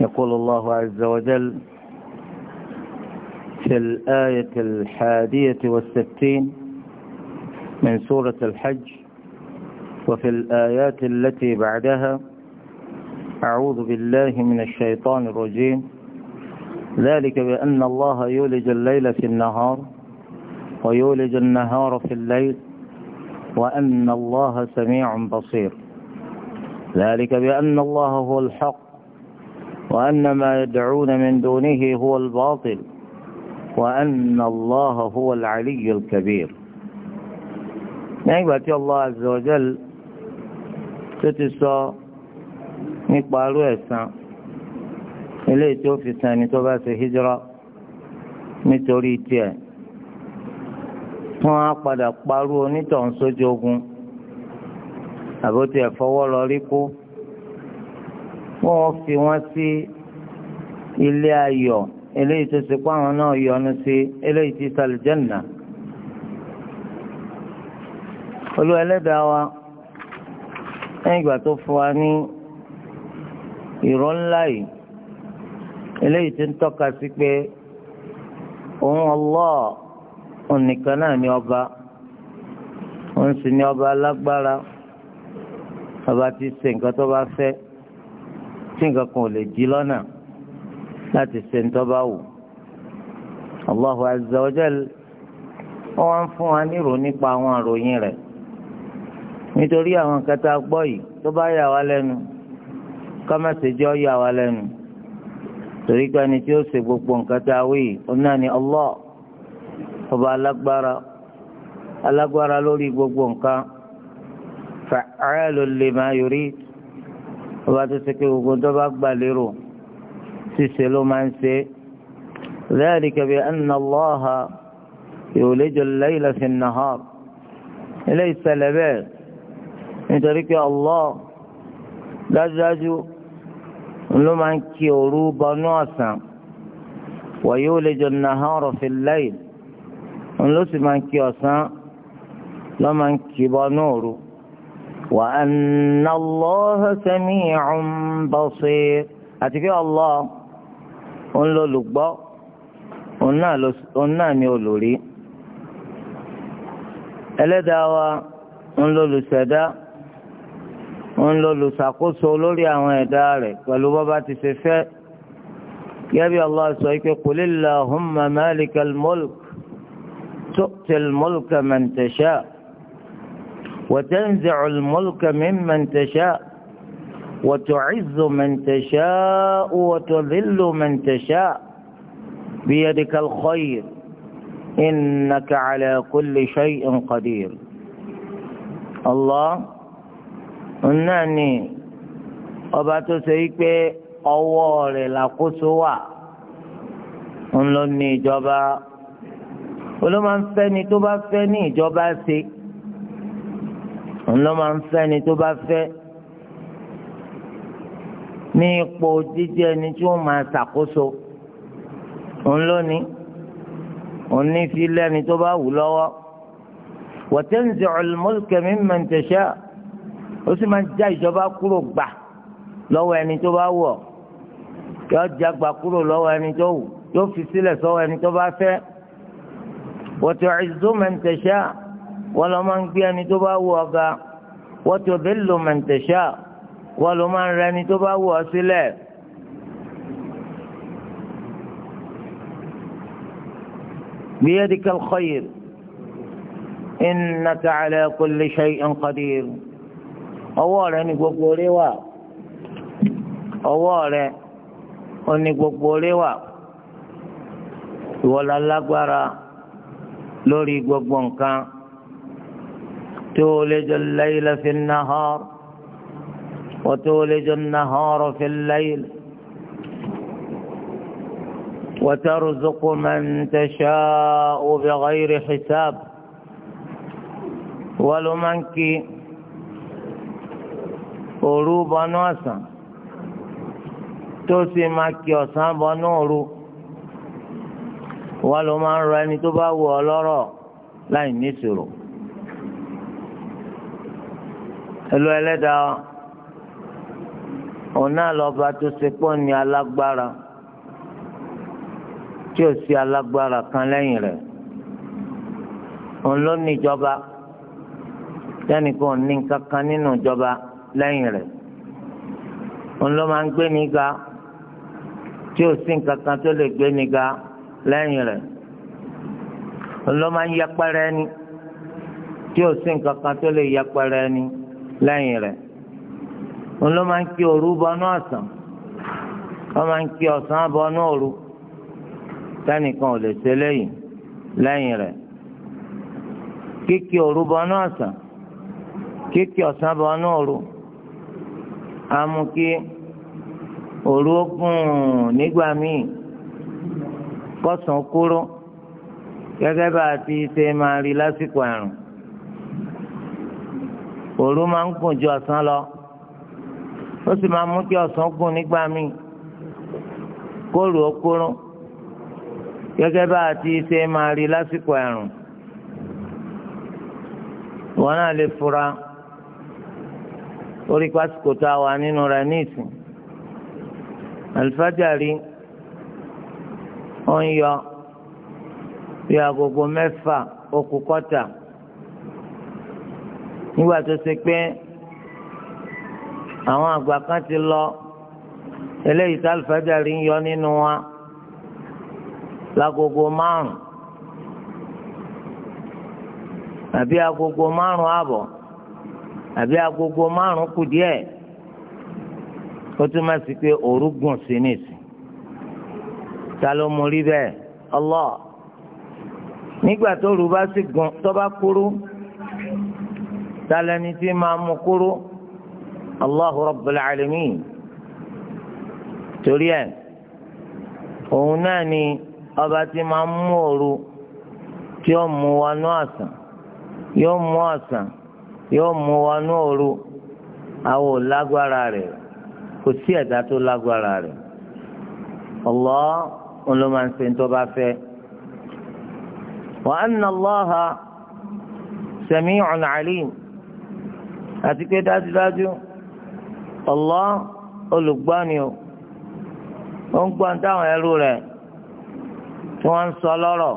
يقول الله عز وجل في الآية الحادية والستين من سورة الحج وفي الآيات التي بعدها أعوذ بالله من الشيطان الرجيم ذلك بأن الله يولج الليل في النهار ويولج النهار في الليل وأن الله سميع بصير ذلك بأن الله هو الحق وأن ما يدعون من دونه هو الباطل وأن الله هو العلي الكبير نعبة الله عز وجل تتسى نقبل ويسا إليه توفي ثاني توباس هجرة nítorí tiẹ̀ wọ́n á padà parú onítọ̀hún sójú ogun kú. wọ́n fi wọ́n sí ilé ayọ̀ eléyìí tó ṣe àwọn náà yọ́nú sí eléyìí tí sàlìjẹ́nà. olú ẹlẹ́dàá wa lẹ́yìn ìgbà tó fún wa ní ìrọ̀ ńlá yìí eléyìí tí ń tọ́ka sí pé òun Allah ni ọba òun sì ọba alágbára ọba tí nǹkan kan ò lè dí lọ́nà láti ṣe ń tọ́ba wò Allahu azza wa jal wọ́n wá ń fún wa nírò nípa àwọn àròyìn rẹ̀ nítorí àwọn nǹkan tá a gbọ́ yìí tó bá yà wá lẹ́nu ká má ṣe jọ́ yà wá lẹ́nu torí pé ẹni tí ó ṣe gbogbo nǹkan tá a wí yìí ó náà ní Allah ọba alágbára alágbára lórí gbogbo nǹkan fa'alul lima yurid ọba tó ṣe pé gbogbo tó bá gbà lérò ṣíṣe ló máa ń ṣe ذلك بأن الله يولج الليل في النهار ليس لبال nítorí pé Allah dájúdájú ló máa ń kí òru bọnú ọ̀sán wa yuliju an-nahara fi al-layl ló sì máa ń kí ọ̀sán ló máa ń kí bọnú òru. وأن الله سميع بصير أتفي الله أن لو لقبا أن نامي أولوري ألا دعوة أن لو لسدا أن لو لساقوس أولوري أن يداري ولو بابا تسفى يبي الله سويك قل اللهم مالك الملك تؤتي الملك من تشاء وتنزع الملك ممن تشاء وتعز من تشاء وتذل من تشاء بيدك الخير إنك على كل شيء قدير الله إنني أبات سيكبي أول لقصوى ń lọ ní ìjọba olóma ń fẹ́ ni tó ńlọ máa ń fẹ́ ni tó bá fẹ́ ní ipò jíjẹ́ ẹni tí ó máa ṣàkóso ńlọ́ni òní fi lẹ́ni tó bá wù lọ́wọ́ wa tanzi'u al ó sì máa já ìjọba kúrò gbà lọ́wọ́ ẹni tó bá wọ̀ yóò já gbà kúrò lọ́wọ́ ẹni tó wù yóò fi sílẹ̀ sọ́wọ́ ẹni tó bá fẹ́ wa tu'izzu man wọ́n lọ máa ń gbé ẹni tó bá wù ọ́ ga wọ́n tó bẹ́ẹ̀ lò mẹ̀ǹtẹ̀ṣà wọ́n lọ máa ń rẹ ẹni tó bá wù ọ́ sílẹ̀. بيدك الخير إنك على كل شيء قدير ọwọ́ rẹ ni gbogbo orí wà ọwọ́ rẹ ó ní gbogbo orí wà ìwọ la lágbára lórí gbogbo nǹkan. تولج الليل في النهار وتولج النهار في الليل وترزق من تشاء بغير حساب ولمنك òru bọnú ọ̀sán tó sì máa kí ọ̀sán bọnú òru wọ́n ló máa ń rọ ẹni tó bá wù ọ lọ́rọ̀ láì níṣòro. ẹlò ẹlẹ́dàá òun náà lọ́ba tó ṣe pọ́ ní alágbára tí ò sí alágbára kan lẹ́yìn rẹ̀ òun ló ní ìjọba tẹ́nìkan ní kankan nínú ìjọba lẹ́yìn rẹ̀ òun ló máa ń gbé níga tí ò sí kankan tó lè gbé níga lẹ́yìn rẹ̀ òun ló máa ń yẹpẹrẹ ẹni tí ò sí kankan tó lè yẹpẹrẹ ẹni. lẹ́yìn rẹ̀ òun ló máa ń kí òru bọnú ọ̀sán wọ́n máa ń kí ọ̀sán bọnú òru tẹ́nìkan ò lè ṣe lẹ́yìn lẹ́yìn rẹ̀ kíkí òru bọnú ọ̀sán kíkí ọ̀sán bọnú òru á mú kí ó gùn nígbà míì gẹ́gẹ́ bá a ti ṣe máa rí lásìkò òru máa ń gùn ju ọ̀sán lọ ó sì máa mú kí ọ̀sán gùn nígbà míì kóòrò okóró gẹ́gẹ́ bá a ti ṣe máa rí lásìkò ẹ̀rùn wọn náà lè fura orí pásítọ̀ tá a wà nínú rẹ̀ ní ìsìn àlùfájàrí ó ń yọ bí agogo mẹ́fà ó kọ́tà nígbà tó ṣe pé àwọn àgbà kan ti lọ eléyìí tá alùpàdàrí ń yọ nínú wa lágogo márùn àbí agogo márùn àbọ̀ àbí agogo márùn kù díẹ̀ ó tún máa sì pé òru gùn sí nìsín ta ló mú rí bẹ́ẹ̀ Allah nígbà tó rú bá sì gùn tó bá kúrú tálẹ́ni tí máa mú kúrú allahu rabbul alamin torí ẹ̀ òun náà ni ọba tí máa mú òru tí ó mú wọnú ọ̀sán yóò mú ọ̀sán yóò mú wọnú òru àwọn ò lágbára rẹ̀ kò sí ẹ̀dá tó lágbára rẹ̀ Allah òun ló máa ń ṣe tó bá fẹ́. wa anna Allaha sami'un alim. àti pé dájúdájú Allah olùgbọ́ni o ó ń gbọ́n táwọn ẹrú rẹ̀ tí wọ́n ń sọ lọ́rọ̀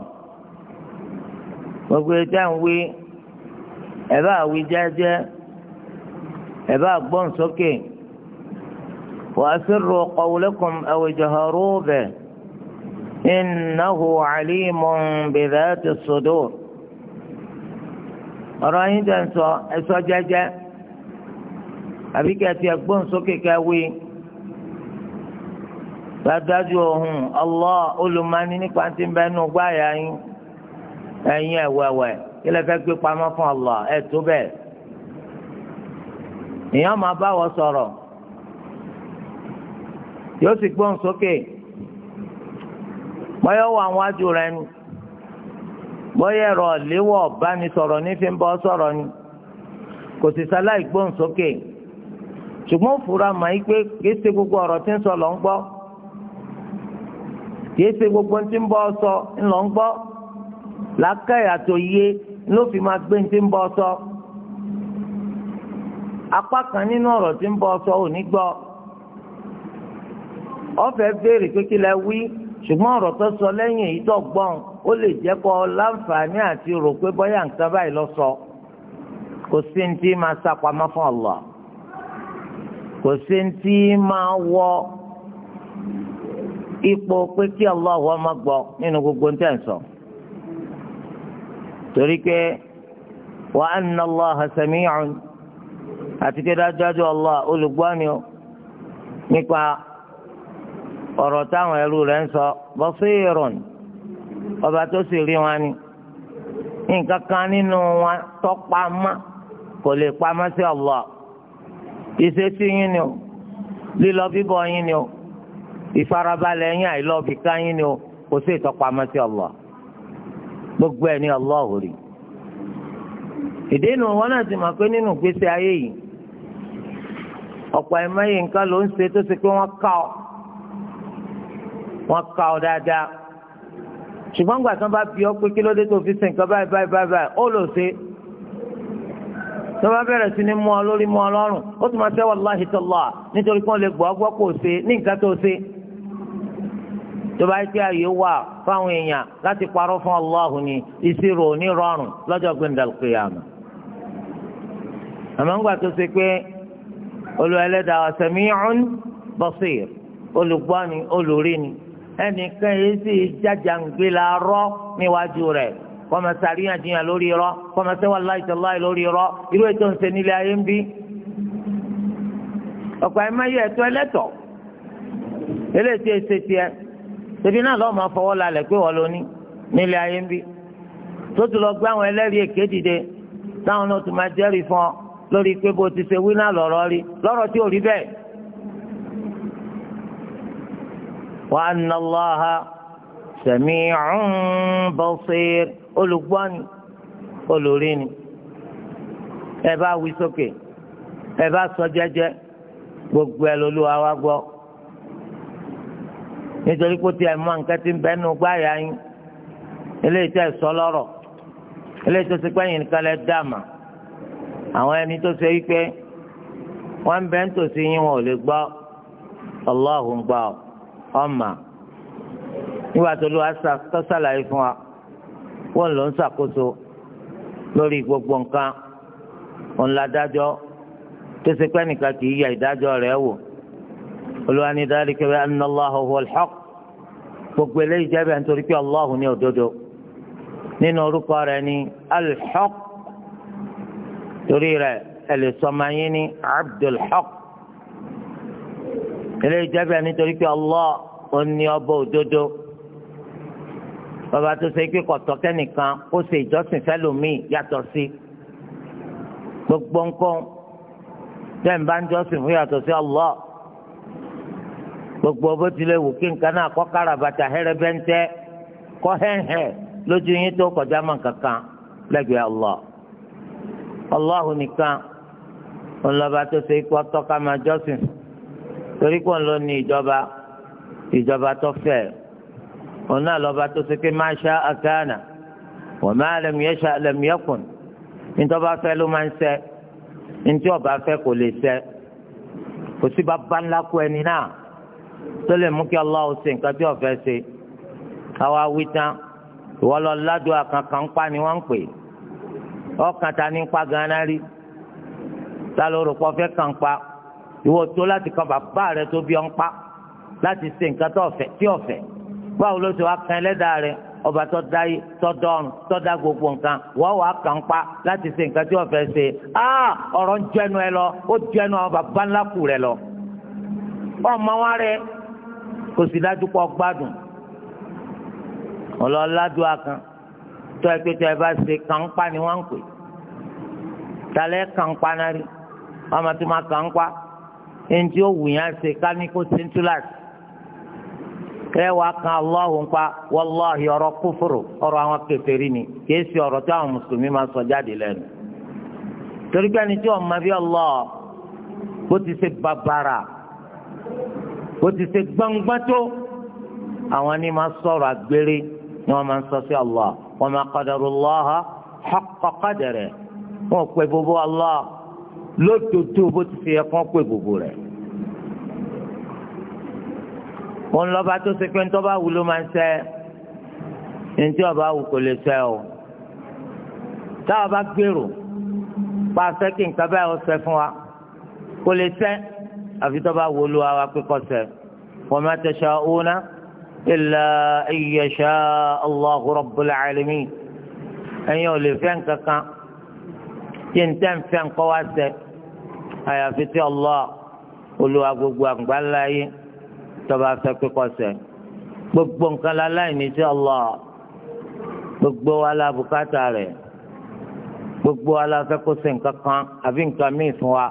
gbogbo ẹja ń wí ẹ bá wí jẹ́jẹ́ ẹ bá gbọ́n sókè alimun sudur ọ̀rọ̀ yín jẹ́ ń sọ àbí kí a ti gbóhùn sókè káwé dájú ọ̀hún Allah olùmọ̀ọ́ni nípa ti ń bẹ́ẹ̀ nù gbáyà yín ẹ̀yin ẹ̀wẹ̀wẹ̀ kí lè fẹ́ gbé pamọ́ fún Allah ẹ̀ tó bẹ́ẹ̀ èèyàn máa bá wọ sọ̀rọ̀ yóò sì gbóhùn sókè bóyá wà wájú rẹ ni bóyá ẹ̀rọ léwọ̀ bá ní sọ̀rọ̀ ní fi ń bọ́ sọ̀rọ̀ ni kò sì sáláì gbóhùn sókè. ṣùgbọ́n fura mà yí pé kìí ṣe gbogbo ọ̀rọ̀ tí ń sọ lọ ń gbọ́ kìí ṣe gbogbo tí ń bọ́ sọ ń lọ ń gbọ́ làákàyà tó yé ló fi máa gbé tí ń bọ́ sọ apá kan nínú ọ̀rọ̀ tí ń bọ́ sọ ò ní gbọ́ ọ̀fẹ́ béèrè pé kí lẹ wí ṣùgbọ́n ọrọ tó sọ lẹ́yìn èyí tó gbọ́n ó lè jẹ́ kó láǹfààní àti rò pé bóyá nǹkan báyìí lọ sọ kò sí ní tí máa sá pamọ́ fún Allah. kò sí tí máa wọ ipò pé kí Allah má gbọ́ nínú gbogbo tẹ̀ ń sọ. torí pé wa anna Allaha sami'un àti pé dájúdájú Allah olùgbọ́ni o nípa ọ̀rọ̀ táwọn ẹrú rẹ̀ ń sọ basirun ọba tó sì rí wọn ni nǹkan kan nínú wọn tó pamọ́ kò lè pamọ́ sí Allah. ìṣesí yín ni o lílọ bíbọ̀ yín ni o ìfarabalẹ̀ yín yín ni o kò sí ìtọ́pamọ́ sí Allah gbogbo ẹ̀ ní Allah òrì ìdènà wọn náà ti mọ̀ pé nínú ìgbésí ayé yìí ọ̀pọ̀ ẹ̀mọ́ yìí nǹkan ló ń ṣe tó ṣe pé wọ́n ọ wọ́n ká ọ dáadáa ṣùgbọ́n gbàtàn bá bí ọ pé kí ló dé tó fi tó bá bẹ̀rẹ̀ sí ni mú ọ lórí mú ọ lọ́rùn ó tún máa ṣe wàláhì tọ́lá nítorí kí wọ́n lè gbọ́ gbọ́ kó o ṣe ní nǹkan tó o ṣe. tó bá jẹ́ ààyè wà fáwọn èèyàn láti parọ́ fún ọlọ́hùn ni ìṣirò ní rọrùn lọ́jọ́ gbẹ̀ndàlùkìyàmù. àmọ́ ńgbà tó ṣe pé olú ẹlẹ́dàá ọ̀sẹ̀ mìíràn olùgbọ́ni olùrí ni ẹnìkan yìí sì jájàngbé rọ́ níwájú rẹ̀ kọ́ máa ṣàríyànjiyàn lórí irọ́ kọ́ máa ṣe wàláhì tàláhì lórí irọ́ irú ètò ń ṣe nílé ayé ń bí. ọ̀pọ̀ ẹ̀ máa yẹ ẹ̀tọ́ ẹlẹ́tọ̀ eléyìí ṣe tiẹ̀ ṣèbí náà lọ́ọ́ máa fọwọ́ lálẹ̀ pé wọ́n lóní nílé ayé ń bí. tó tún lọ gbé àwọn ẹlẹ́rìí èké dìde táwọn náà tún máa jẹ́rìí fún ọ lórí pé bó ti ṣe wí náà lọ́rọ̀ rí lọ́rọ̀ tí ò rí bẹ́ẹ̀. wa anna Allaha sami'un basir olùgbọ́ ni olórí ni ẹ bá wí sókè ẹ bá sọ jẹ́jẹ́ gbogbo ẹ lolúwa wá gbọ́ nítorí pé tí ẹ mọ nǹkan tí ń bẹ nù gbáyà yín eléyìí tẹ sọ lọ́rọ̀ eléyìí tó ṣe pé yìí nìkan lẹ dààmà àwọn ẹni tó ṣe wípé wọn bẹ ń tòsí yín wọn ò lè gbọ́ Ọlọ́hun gbọ́ ọmọ nígbà tó ló wá sàlàyé fún wa wọ́n ló ń ṣàkóso lórí gbogbo nǹkan òun ládájọ́ tó ṣe pé nìkan kì í yà ìdájọ́ rẹ̀ wò olúwa ní dhalika bi anna Allaha gbogbo eléyìí jẹ́ bẹ́ẹ̀ nítorí pé Allahu ní òdodo nínú orúkọ rẹ̀ ní al torí rẹ̀ ẹ ní abdulhaq eléyìí jẹ́ bẹ́ẹ̀ nítorí pé Allah ó ní ọba òdodo bàbá tó ṣe pé kọ̀tọ́ kẹ́nìkan ó ṣe ìjọsìn fẹ́lòmíì yàtọ̀ sí gbogbo nǹkan tẹ́ bá ń jọ́sìn fún yàtọ̀ sí Allah gbogbo bó tilẹ̀ wù kí nǹkan náà kọ́ kára bàtà hẹ́rẹ́bẹ́ńtẹ́ kọ́ hẹ́hẹ́ lójú yín tó kọjá mọ́ kankan lẹ́gbẹ̀ẹ́ Allah Allah nìkan ńlọba tó ṣe kọ́ tọ́ka máa jọ́sìn torí pọ̀ ń lọ ní ìjọba ìjọba tó fẹ́ẹ́ òun náà lọ́ba tó ṣe pé máa ṣá akáànà wa ma lam yasha lam yakun nítorí ọba fẹ́ ló máa ń ṣẹ nítorí ọba fẹ́ kò lè ṣẹ kò sí bàbá ńlá kú ẹni náà tó lè mú kí Allah ṣe nǹkan tí ọ̀fẹ́ ṣe káwa wí tán ìwọ lọ ládùúgbò kankan ń pa ni wọ́n ń pè ọkàn ta ní pa ganan rí ta ló rò pọ̀ fẹ́ kàn pa ìwọ tó láti kan bàbá rẹ tó bí ọ ń pa láti ṣe nǹkan tí ọ̀fẹ́ báwo ló ti wá kan ẹlẹ́dàá rẹ ọba tó dá yìí tó dọ́run tó dá gbogbo nǹkan wọ́n wàá kàn pa láti ṣe nǹkan tí wọ́n fẹ́ ṣe áà ah! ọ̀rọ̀ ń jẹnu ẹ lọ ó jẹnu àwọn bàbá ńlá kù rẹ lọ. ọmọ wa rẹ kò sì dájú pọ̀ gbádùn ọlọ́ládùá kan tó ẹ pé tó ẹ bá ṣe kàn pa ni wọ́n ń pè talẹ́ kàn pa náà rí ọmọ tó máa kàn pa ẹni tí ó wù yẹn ṣe ká ní kó ṣe ń túláàsì kẹwàá kan Allahu pa wàláhi ọ̀rọ̀ kúfùrù ọ̀rọ̀ àwọn kèfèrí ni kìí ṣe ọ̀rọ̀ tí àwọn mùsùlùmí máa sọ jáde lẹ́nu. torí pé ẹni tí wọn máa fi Allah bó ti ṣe bàbàrà bó ti ṣe gbangban tó àwọn ni máa sọ̀rọ̀ àgbèrè ni wọ́n máa ń sọ sí Allah wa ma qadarullaha haqqa qadarihi wọn pè gbogbo Allah lódodo bó ti ṣe yẹ kán pè gbogbo rẹ̀ òun lọ́ba tó ṣe pé ntọ́ bá wù ló máa ń ṣe ntí ọba wù kò lè ṣe o táwa bá gbèrò pa ṣe kí nǹkan báyìí ó ṣe fún wa kò lè ṣe àfi tọ́ bá wù olúwa wa pé kó ṣe wa ma tasha'una illa an yasha Allahu rabbul alamin ẹ̀yin ò lè fẹ́ nǹkan kan tí n tẹ́ ń fẹ́ nǹkan wá ṣe àyàfi tí Allah olúwa gbogbo àgbáńlá yìí tọba fẹ́ pípọ sẹ gbogbo nǹkan la láìní sí Allah gbogbo wa la bùkátà rẹ̀ gbogbo wa la fẹ́ kó ṣe nǹkan kan àbí nǹkan míì fún wa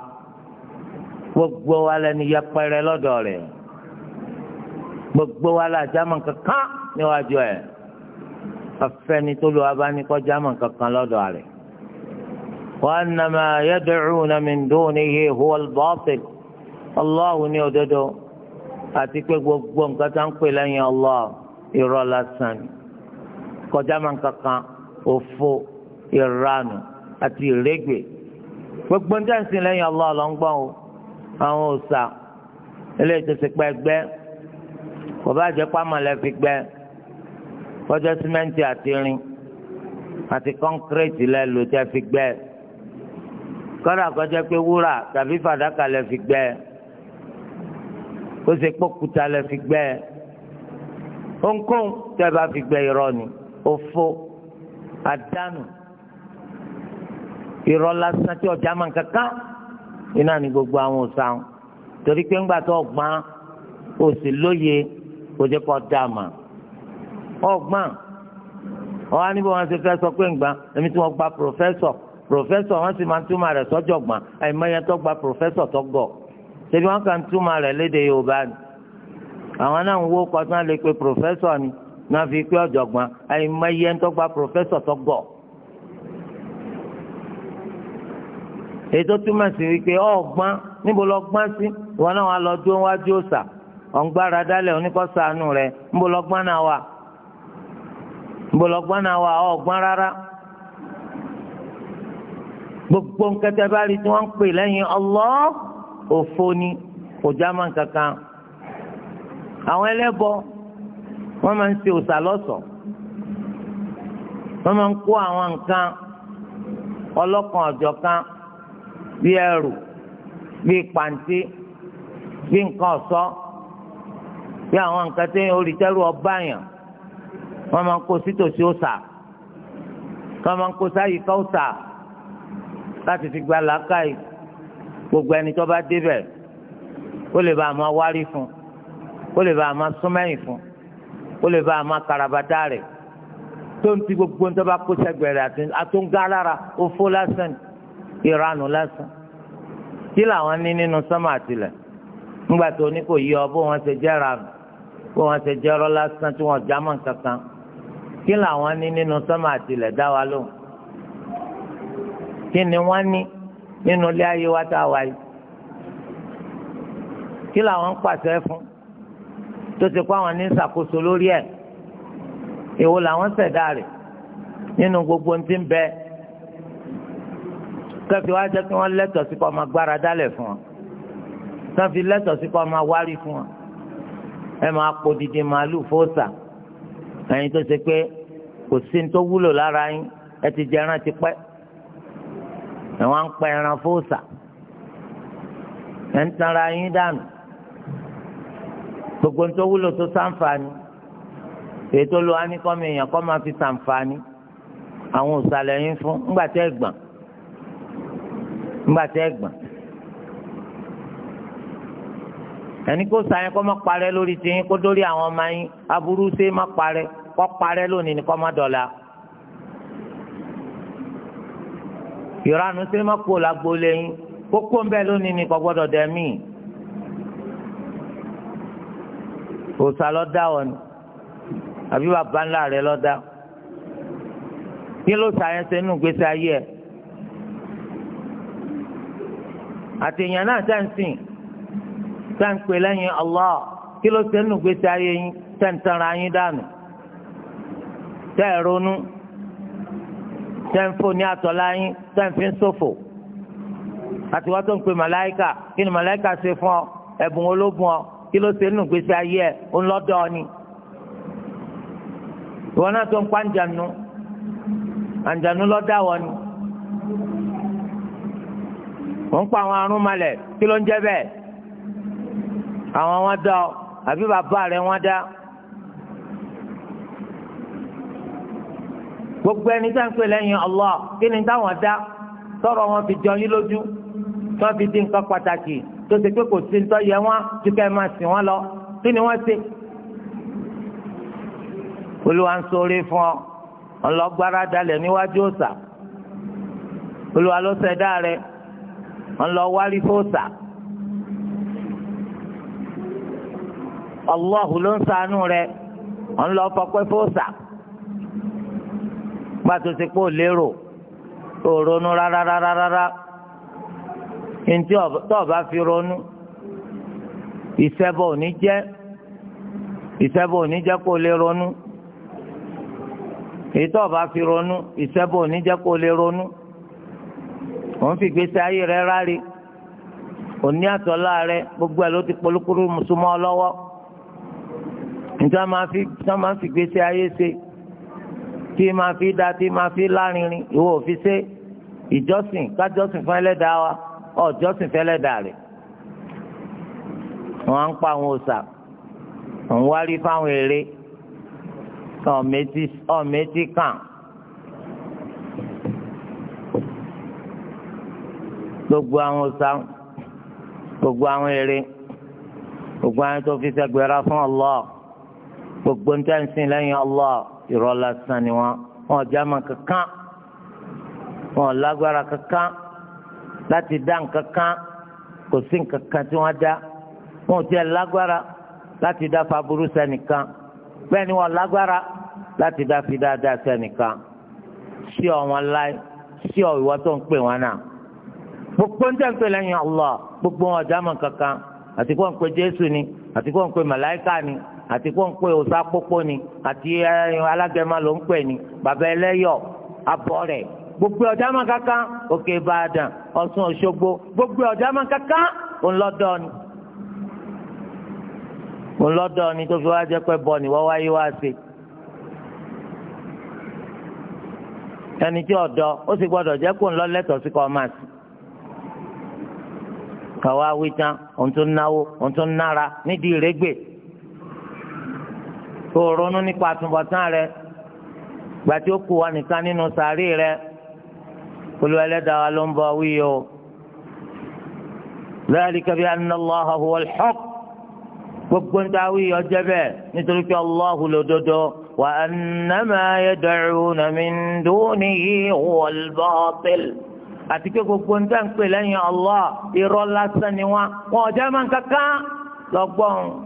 gbogbo wa la ní yẹpẹrẹ lọ́dọ̀ rẹ̀ gbogbo wa la jámọ́ kankan níwájú ẹ̀ afẹ́ni tó lọ́wọ́ bá ní kọ́ jámọ́ kankan lọ́dọ̀ rẹ̀. وأن ما يدعون من دونه هو الباطل الله ni òdodo àti pé gbogbo nǹkan tá ń pè lẹ́yìn Allah irọ́ lásán ni kọjá máa ń kankan òfo ìranù àti ìrégbè gbogbo nǹkan sìn lẹ́yìn Allah ló ń gbọ́n o àwọn òòṣà ilé ìtòsí pẹ́ gbẹ́ kò bá jẹ́ pàmò lẹ́fi gbẹ́ kọjá símẹ́ǹtì àti irin àti kọ́ńkírẹ́tì lẹ́lò tẹ́ fi gbẹ́ kọ́dà kọjá pé wúrà tàbí fàdákà lẹ́fi gbẹ́ ó ṣe pọ́kúta lẹ fi gbẹ́ ẹ ohunkóhun tẹ́ bá fi gbẹ́ irọ́ ni òfo àdánù irọ́ lásán tí ọjà máa ń kankan iná ni gbogbo àwọn òsàn torí pé ńgbà tó ọgbọ́n òsì lóye òjò kọ́ dàmà ọgbọ́n ọ̀hán níbo wọn ṣe fẹ́ sọ pé ńgbà èmi tí wọ́n gba pòfẹ́sọ̀ pòfẹ́sọ̀ wọ́n sì máa ń túmọ̀ rẹ̀ sọ́jọ̀gbọ́n àìmọye tó gba pòfẹ́sọ̀ tó gọ̀. ṣebí wọn kàn túmọ̀ rẹ̀ léde yorùbá ni àwọn náà ń wó kọsán lè pe pòfẹ́sọ̀ ni náà fi pé ọ̀jọ̀gbọ́n ẹ̀yin mọ iye ń tọ́gbà pòfẹ́sọ̀ tó gọ̀. ètò túmọ̀ sí wípé ọ̀gbọ́n níbo lọ gbọ́n sí ìwọ náà wà lọ dúró wájú òòsà ọ̀ngbára dálẹ̀ oníkọ́sàánú rẹ̀ níbo lọ gbọ́n náà wà níbo lọ gbọ́n náà wà rárá gbogbo nkẹtẹ bá rí tí wọ́n òfo ni kò já máa kankan àwọn ẹlẹ́bọ wọ́n máa ń ṣe òòṣà lọ́sọ̀ọ́ wọ́n máa ń kó àwọn nǹkan ọlọ́kan ọ̀jọ̀kan bí ẹrù bí pàǹtí bí nǹkan ọ̀ṣọ́ bí àwọn nǹkan tí olùtẹ́rù ọba yàn wọ́n máa ń kó sítòsí òòṣà wọ́n máa ń kó sáyìíká òòṣà láti fi gba làákàyè gbogbo ẹni tó bá débẹ̀ ó lè bá a máa wárí fún ó lè bá a máa súnmẹ́yìn fún ó lè bá a máa karabata rẹ̀ tó ń ti gbogbo tó bá kó sẹ́gbẹ̀rẹ̀ àti àtúngálára òfó lásán ìranù lásán kí làwọn ní nínú sọ́mà àtìlẹ̀ ńgbà tó ní kò yí ọ bó wọn ṣe jẹ́ ranù bó wọn ṣe jẹ́ ọ̀rọ̀ lásán tí wọn já mọ́ kankan kí làwọn ní nínú sọ́mà àtìlẹ̀ dá wa lóhùn kí ni wọ́n ní nínú ilé ayé wa tá a wà yìí kí làwọn ń pàṣẹ fún tó ti kó àwọn ní ṣàkóso lórí ẹ̀ èwo làwọn ṣẹ̀dá rẹ̀ nínú gbogbo ohun tí ń bẹ kẹfì wá jẹ́ kí wọ́n lẹ́tọ̀ọ́ sí kọ́ máa gbára dálẹ̀ fún wọn tán fi sí kọ́ máa wárí fún wọn ẹ máa kó didi màálù fóòsà ẹ̀yin tó ṣe pé kò sí ní tó wúlò lára yín ẹ ti jẹran ti pẹ́ àwọn ń pa ẹran fóòsà ẹ̀ ń tanra yín dànù gbogbo ń tó wúlò tó sáǹfààní ètò olùwà ní kọ́ mi èèyàn kọ́ máa fi sàǹfààní àwọn òsàlẹ̀ yín fún ńgbà tẹ́ ẹ gbọ̀n ńgbà tẹ́ ẹ gbọ̀n ẹni kó sàyẹn kọ́ máa parẹ́ lórí tiyín kó dórí àwọn ọmọ yín aburú ṣe máa parẹ́ kọ́ parẹ́ lónìí ni kọ́ máa dọ̀la. ìranu sí ma kó lágbo lẹ́yìn kókó ń bẹ lónìí ni kò gbọ́dọ̀ dẹ̀ mí. òòsà lọ dá ọ ni àbí bàbá ńlá rẹ lọ dá kí ló sàyẹnsẹ nù gbèsè ayé ẹ àtẹ̀yìn náà sẹ́ǹsìn sẹ́ǹpẹ̀ lẹ́yìn Allah kí ló sẹ́ǹnù gbèsè ayé yín sẹ́ǹtẹ̀ra yín dànù sẹ́ẹ̀ronú tẹ́ǹfò ní àtọ́lá tẹ́ǹfì ń ṣòfò àti wọ́n tó ń pe màláìkà kí ni màláìkà ṣe fún ọ ẹ̀bùn ológun ọ kí ló ṣe nínú ìgbésí ayé ẹ̀ ńlọ́dọ̀ ni. ìwọ náà tó ń pa àǹjànú àǹjànú lọ́dà wọ ni. wọ́n ń pa àwọn arún malẹ̀ kí ló ń jẹ́ bẹ́ẹ̀ àwọn wọn dá àbí bàbá rẹ̀ wọn dá gbogbo ẹni tá à ń pè lẹ́yìn Allah kí ni táwọn dá sọ̀rọ̀ wọn fi jọ yín lójú tó fi di nǹkan pàtàkì tó ṣe pé kò sí nítorí yẹ wọn ju ká ẹ máa sìn wọn lọ kí ni wọ́n ṣe. olúwa ń sọrí fún ọ ọlọgbára dalẹ̀ níwájú òòṣà olúwa ló ṣẹ̀dá rẹ ọlọwárí fòòṣà. Allahu ló ń ṣàánú rẹ ọlọ́fọpẹ́ fòòṣà. pàtó ti pò lérò ronú rárá ntí fi ronú ìṣẹ́bọ̀ òní jẹ́ ìṣẹ́bọ̀ òní jẹ́ kó lè ronú èyí fi ronú ìṣẹ́bọ̀ òní jẹ́ kó lè ronú òun fi gbèsè ayé rẹ rárí òní àtọ́lá rẹ gbogbo ẹ̀ ló ti polúkúrú mùsùlùmọ́ lọ́wọ́ máa fi gbèsè ayé tí máa fi dá tí máa fi lárinrin ìwọ ò fi ṣe ìjọsìn kájọsìn fún ẹlẹ́dàá wa ọ̀jọsìn fún ẹlẹ́dàá rẹ̀. wọ́n á ń pa àwọn òòṣà ń wárí fáwọn eré ọ̀mẹ́tì kàn. gbogbo àwọn òòṣà gbogbo àwọn eré gbogbo àwọn tó fi ṣẹgbẹ́ra fún Allah gbogbo ń tẹ́sìn lẹ́yìn Allah irọ́ lásán ni wọ́n wọn ọjà máa kankan wọn lágbára kankan láti dá nkankan kò sí nkankan tí wọ́n dá wọn ò tiẹ̀ lágbára láti dá faburú sẹ́nìkan bẹ́ẹ̀ ni wọn lágbára láti dá fi dáadáa sẹ́nìkan sí ọ láì sí ọ tó ń pè wọn náà gbogbo ń tẹ̀ ń pè Allah gbogbo wọn ọjà máa kankan àti kó Jésù ni àti kó ń pè màláìka ni àti kó ń pè òsà pópó ni àti alágẹmọ ló ń pè ní bàbá ẹlẹyọ abọ rẹ gbogbo ọjà máa kaka òkè ìbàdàn ọ̀ṣun òṣogbo gbogbo ọjà máa kankan ńlọdọ ni ńlọdọ ni tó fi wá jẹ pé bọ ni wọ́n wáyé wá sí ẹni tí ọ̀dọ́ ó sì gbọ́dọ̀ jẹ́ kó ńlọ sí kọ́ kàwá wí tán náwó òun nára nídìí ìrégbè kó o ronú nípa àtúbọ̀tán rẹ gbà tí ó kù wá nìkan nínú sàárì rẹ olú ẹlẹ́dàá wa ló ń bọ̀ wí o. ذلك بأن الله هو الحق gbogbo ń ta wí ọjọ́ nítorí pé Allahu lòdodo wa annama yad'una min dunihi huwal batil àti pé gbogbo ń tẹ̀ ń pè lẹ́yìn Allah irọ́ lásán ni wọ́n wọn ọjọ́ máa kankan lọ́gbọ́n.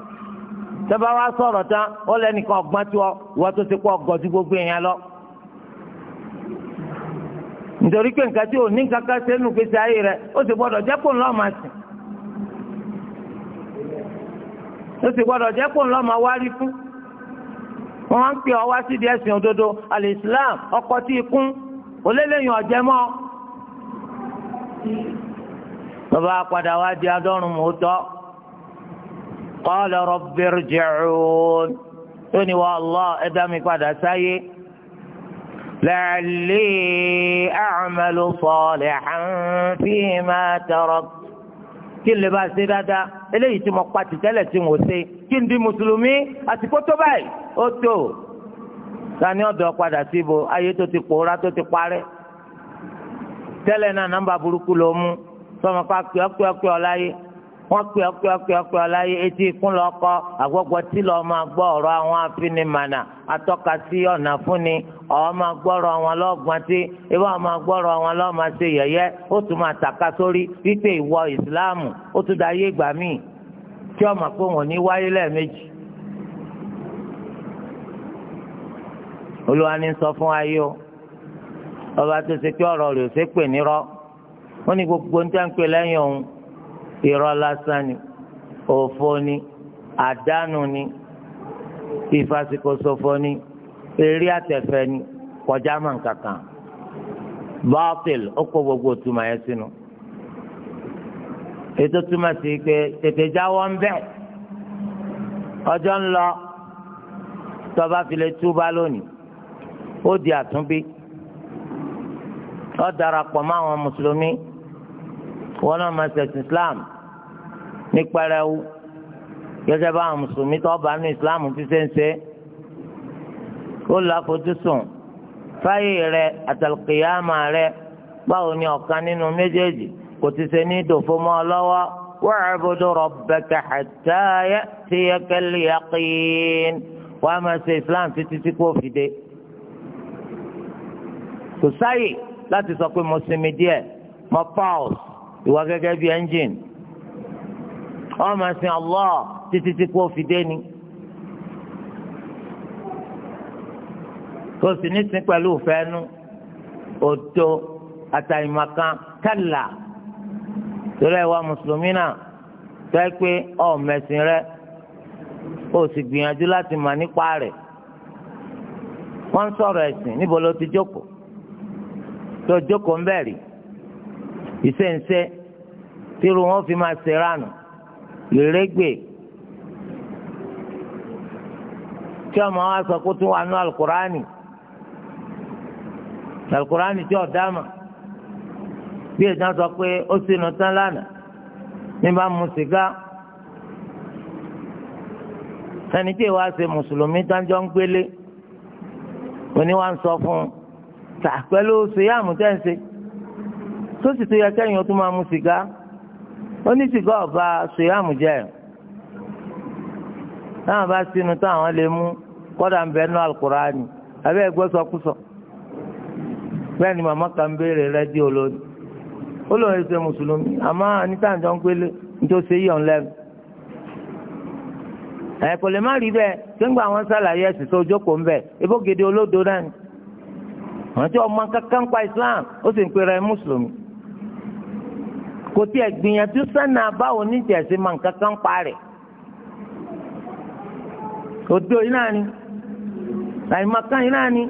tọ́ba wa sọ̀rọ̀ tán ó lẹ́nìkan ọgbọ́n tí wọ́n tó ti kọ́ ọgọ́jú gbogbo èèyàn lọ. nítorí pé nǹkan tí ò ní kankan sẹ́nu gbèsè ayé rẹ̀ ó sì gbọ́dọ̀ jẹ́ kó ńlọ́ máa sìn. ó sì gbọ́dọ̀ jẹ́ kó ńlọ́ máa wárí fún. wọ́n ń pè ọ́ wá sídìí ẹ̀sìn òdodo tí qala rabbi irji'un tó ní wà Allah ẹ dá mi padà sáyé la'alli a'malu salihan fima kí n lè bá ṣe dáadáa eléyìí tí mo pa tìtẹ́lẹ̀ tí kí n mùsùlùmí padà síbo ayé tó ti pòórá tó ti náà wọn pe ọ́ pè ọ́ pè ọ́ pè ọ́ láyé etí ikún lọ kọ́ àgbọ̀gbọ̀ tí lọ́ọ́ máa gbọ́ ọ̀rọ̀ àwọn afinimànà atọ́ka sí ọ̀nà fúnni ọ̀ọ́ máa gbọ́rọ̀ wọn lọ́gbọ́n tí ìwọ máa gbọ́rọ̀ wọn ṣe ó tún máa tàka sórí ìwọ ìsìláàmù ó tún dáyé ìgbà ọmọ pé wọn ní wáyé olúwa ní sọ fún ayé o ọba tó ṣe pé ọrọ ṣe pè ó ní gbogbo irọ́ lásán ni òfò ni àdánù ni ìfàsìkòsòfò ni eré àtẹ̀fẹ́ ni kọjá mọ̀ kankan bọ́ọ̀tìl ó kó gbogbo túmọ̀ yẹn sínú ètò túmọ̀ sí pé tètè jáwọ́ ń bẹ̀ ọjọ́ ń lọ tọ́ba filẹ̀ túbá lónìí ó di àtúnbí ó darapọ̀ mọ́ àwọn mùsùlùmí wọn náà máa ṣẹ̀sìn islam ní pẹrẹwu gẹ́gẹ́ bá àwọn mùsùlùmí tó bá ní islam ti ṣe ń ṣe ó lọ àfojúsùn fáyé rẹ àtàlùkìyàmà rẹ báwo ni ọ̀kan nínú méjèèjì kò ti ṣe ní ìdòfó mọ́ ọ lọ́wọ́ wa'budu rabbaka hatta ya'tiyakal yaqin wàá máa ṣe islam títí tí kò fi dé kò sáyè láti sọ pé mo sinmi díẹ̀ mo pause ìwà gẹ́gẹ́ bíi ẹ́ńjìn wọ́n máa sin Allah títí tí kò fi dé ni. kò sì ní sin pẹ̀lú ìfẹ́nu òdo àtàìmọ̀kan kálà torí ẹ̀wà mùsùlùmí náà fẹ́ pé ọ̀ mẹ̀sìn rẹ ó sì gbìyànjú láti mà nípa rẹ̀ wọ́n ń sọ̀rọ̀ ẹ̀sìn níbo ló ti jókòó tó jókòó ń bẹ̀rì ìṣẹ̀ǹṣẹ̀ tíru wọn fi máa ṣèrànù lérègbè tí ọmọ wa sọ kó tún wà nú alukurani alukurani tí ọ̀dàmà bí èdè náà sọ pé ó sínú tán lánàá nígbà mu sìgá sani tí ìwà ṣe mùsùlùmí tánjọ́ ń gbélé oníwà ń sọ fún un tà pẹ̀lú sèyàmù tẹ́ǹsì. tó sì tó yẹ kẹ́yìn ó máa mu sìgá ó ní sìgá ọba sòyàmù jẹ́ táwọn bá sínú táwọn lè mú kọ́dà ń bẹ́ẹ̀ nú alukurani abẹ́ ẹgbẹ́ sọkúsọ bẹ́ẹ̀ ni màmá kan béèrè rẹ́díò lónìí ó lóun ẹsẹ̀ mùsùlùmí àmọ́ anítàǹjọ́ ń gbélé nítorí ṣe yíyan lẹ́nu ẹ kò lè má rí bẹ́ẹ̀ gbẹ́ngbà àwọn sàlàyé ẹ̀sìn tó jókòó ń bẹ̀ ebó gèdè olódo náà ni àwọn tí kankan pa Islam ó sì ń ra ẹ mùsùlùmí kò tiẹ̀ gbìyànjú sánà báwo níjẹ̀sí máa nǹkan kan parẹ̀ òde òyìn náà ni àyìnmọ̀kan yìí náà ni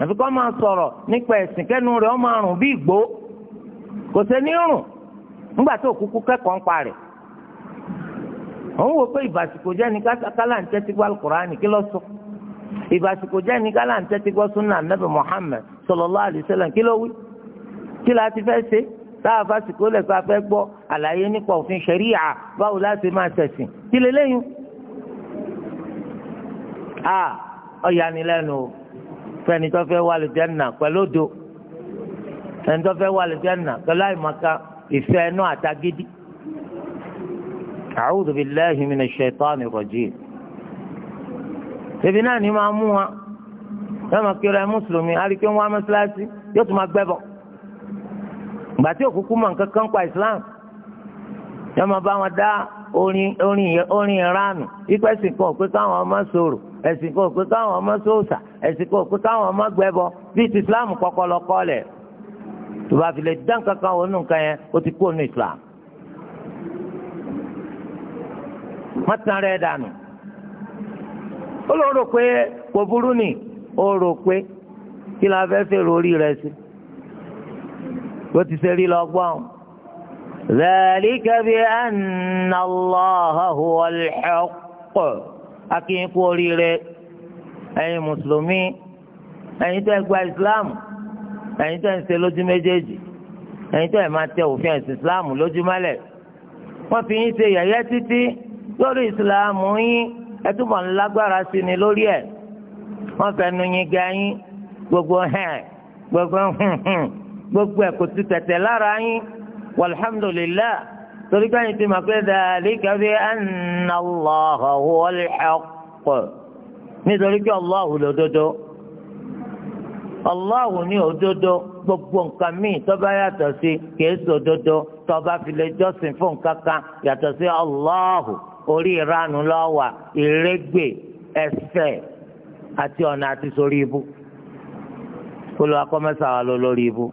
àfi kọ́ máa sọ̀rọ̀ nípa ẹ̀sìn kẹ́nu rẹ̀ ọ́ máa rùn bí ìgbó kò ṣe ní rùn nígbà tó kúkú kẹ́kọ̀ọ́ ń wò pé ìbàsìkò jẹ́ kálá ń tẹ́tí gbọ́ táà fásikò lẹ̀ fà fẹ́ gbọ́ àlàyé nípa òfin ṣẹ̀ríyà báwo láti máa tẹ̀sìn kí lélẹ́yìn. a ọ̀yanilẹ́nu o fẹ́ni tó fẹ́ wà lùjẹ́nà pẹ̀lú òdo fẹ́ni tó fẹ́ wà lùjẹ́nà pẹ̀lú àìmọ̀ká ìfẹ́ ẹnu àtagídí. a'udhu billahi minash shaitani rajim. ebi náà ni máa mú wa ẹ máa kí ọ ẹ mùsùlùmí àríkè ń wá mọ́sálásí yóò tún máa gbẹ́bọ̀. gbàtí òkúkú ma nǹkan kwa islam yọ máa bá wọn dá orin orin orin ìranù ikú ẹ̀sìn kan òpé káwọn ọmọ sọ̀rọ̀ ẹ̀sìn kan òpé káwọn ọmọ kan káwọn ọmọ gbẹbọ islam kọkọlọkọ lẹ tó bá fi lè wọnú nǹkan yẹn ó ti kú ònú islam. wọ́n tan dànù ó lọ rò ni ó rò pé kí la fẹ́ fẹ́ bó ti ṣe rí lọ gbọ́n. ذلك بأن الله هو الحق akin kú oríire ẹ̀yin mùsùlùmí ẹ̀yin tẹ́ gba islam ẹ̀yin tẹ́ ń ṣe lójú méjèèjì ẹ̀yin tẹ́ máa tẹ òfin ẹ̀sìn islam lójúmọ́lẹ̀ wọ́n fi yín ṣe yẹ̀yẹ́ títí lórí islam yín ẹ túbọ̀ sí ni lórí ẹ̀ wọ́n fẹnu yín ga yín gbogbo hẹ́n gbogbo hùn gbogbo ẹ̀ kò ti tẹ̀tẹ̀ lára yín walhamdulillah torí káyìn ti máa pé dhalika bi anna Allaha huwal haqq nítorí pé Allahu lòdodo Allahu ní òdodo gbogbo nǹkan míì tó bá yàtọ̀ sí kìí sòdodo tó bá fi lè jọ́sìn fún kankan yàtọ̀ sí Allahu orí ìranu lọ́wà ìrégbè ẹ̀ṣẹ̀ àti ọ̀nà àti sórí ibu olùwàkọ́mẹ́sà wà lọ lórí ibu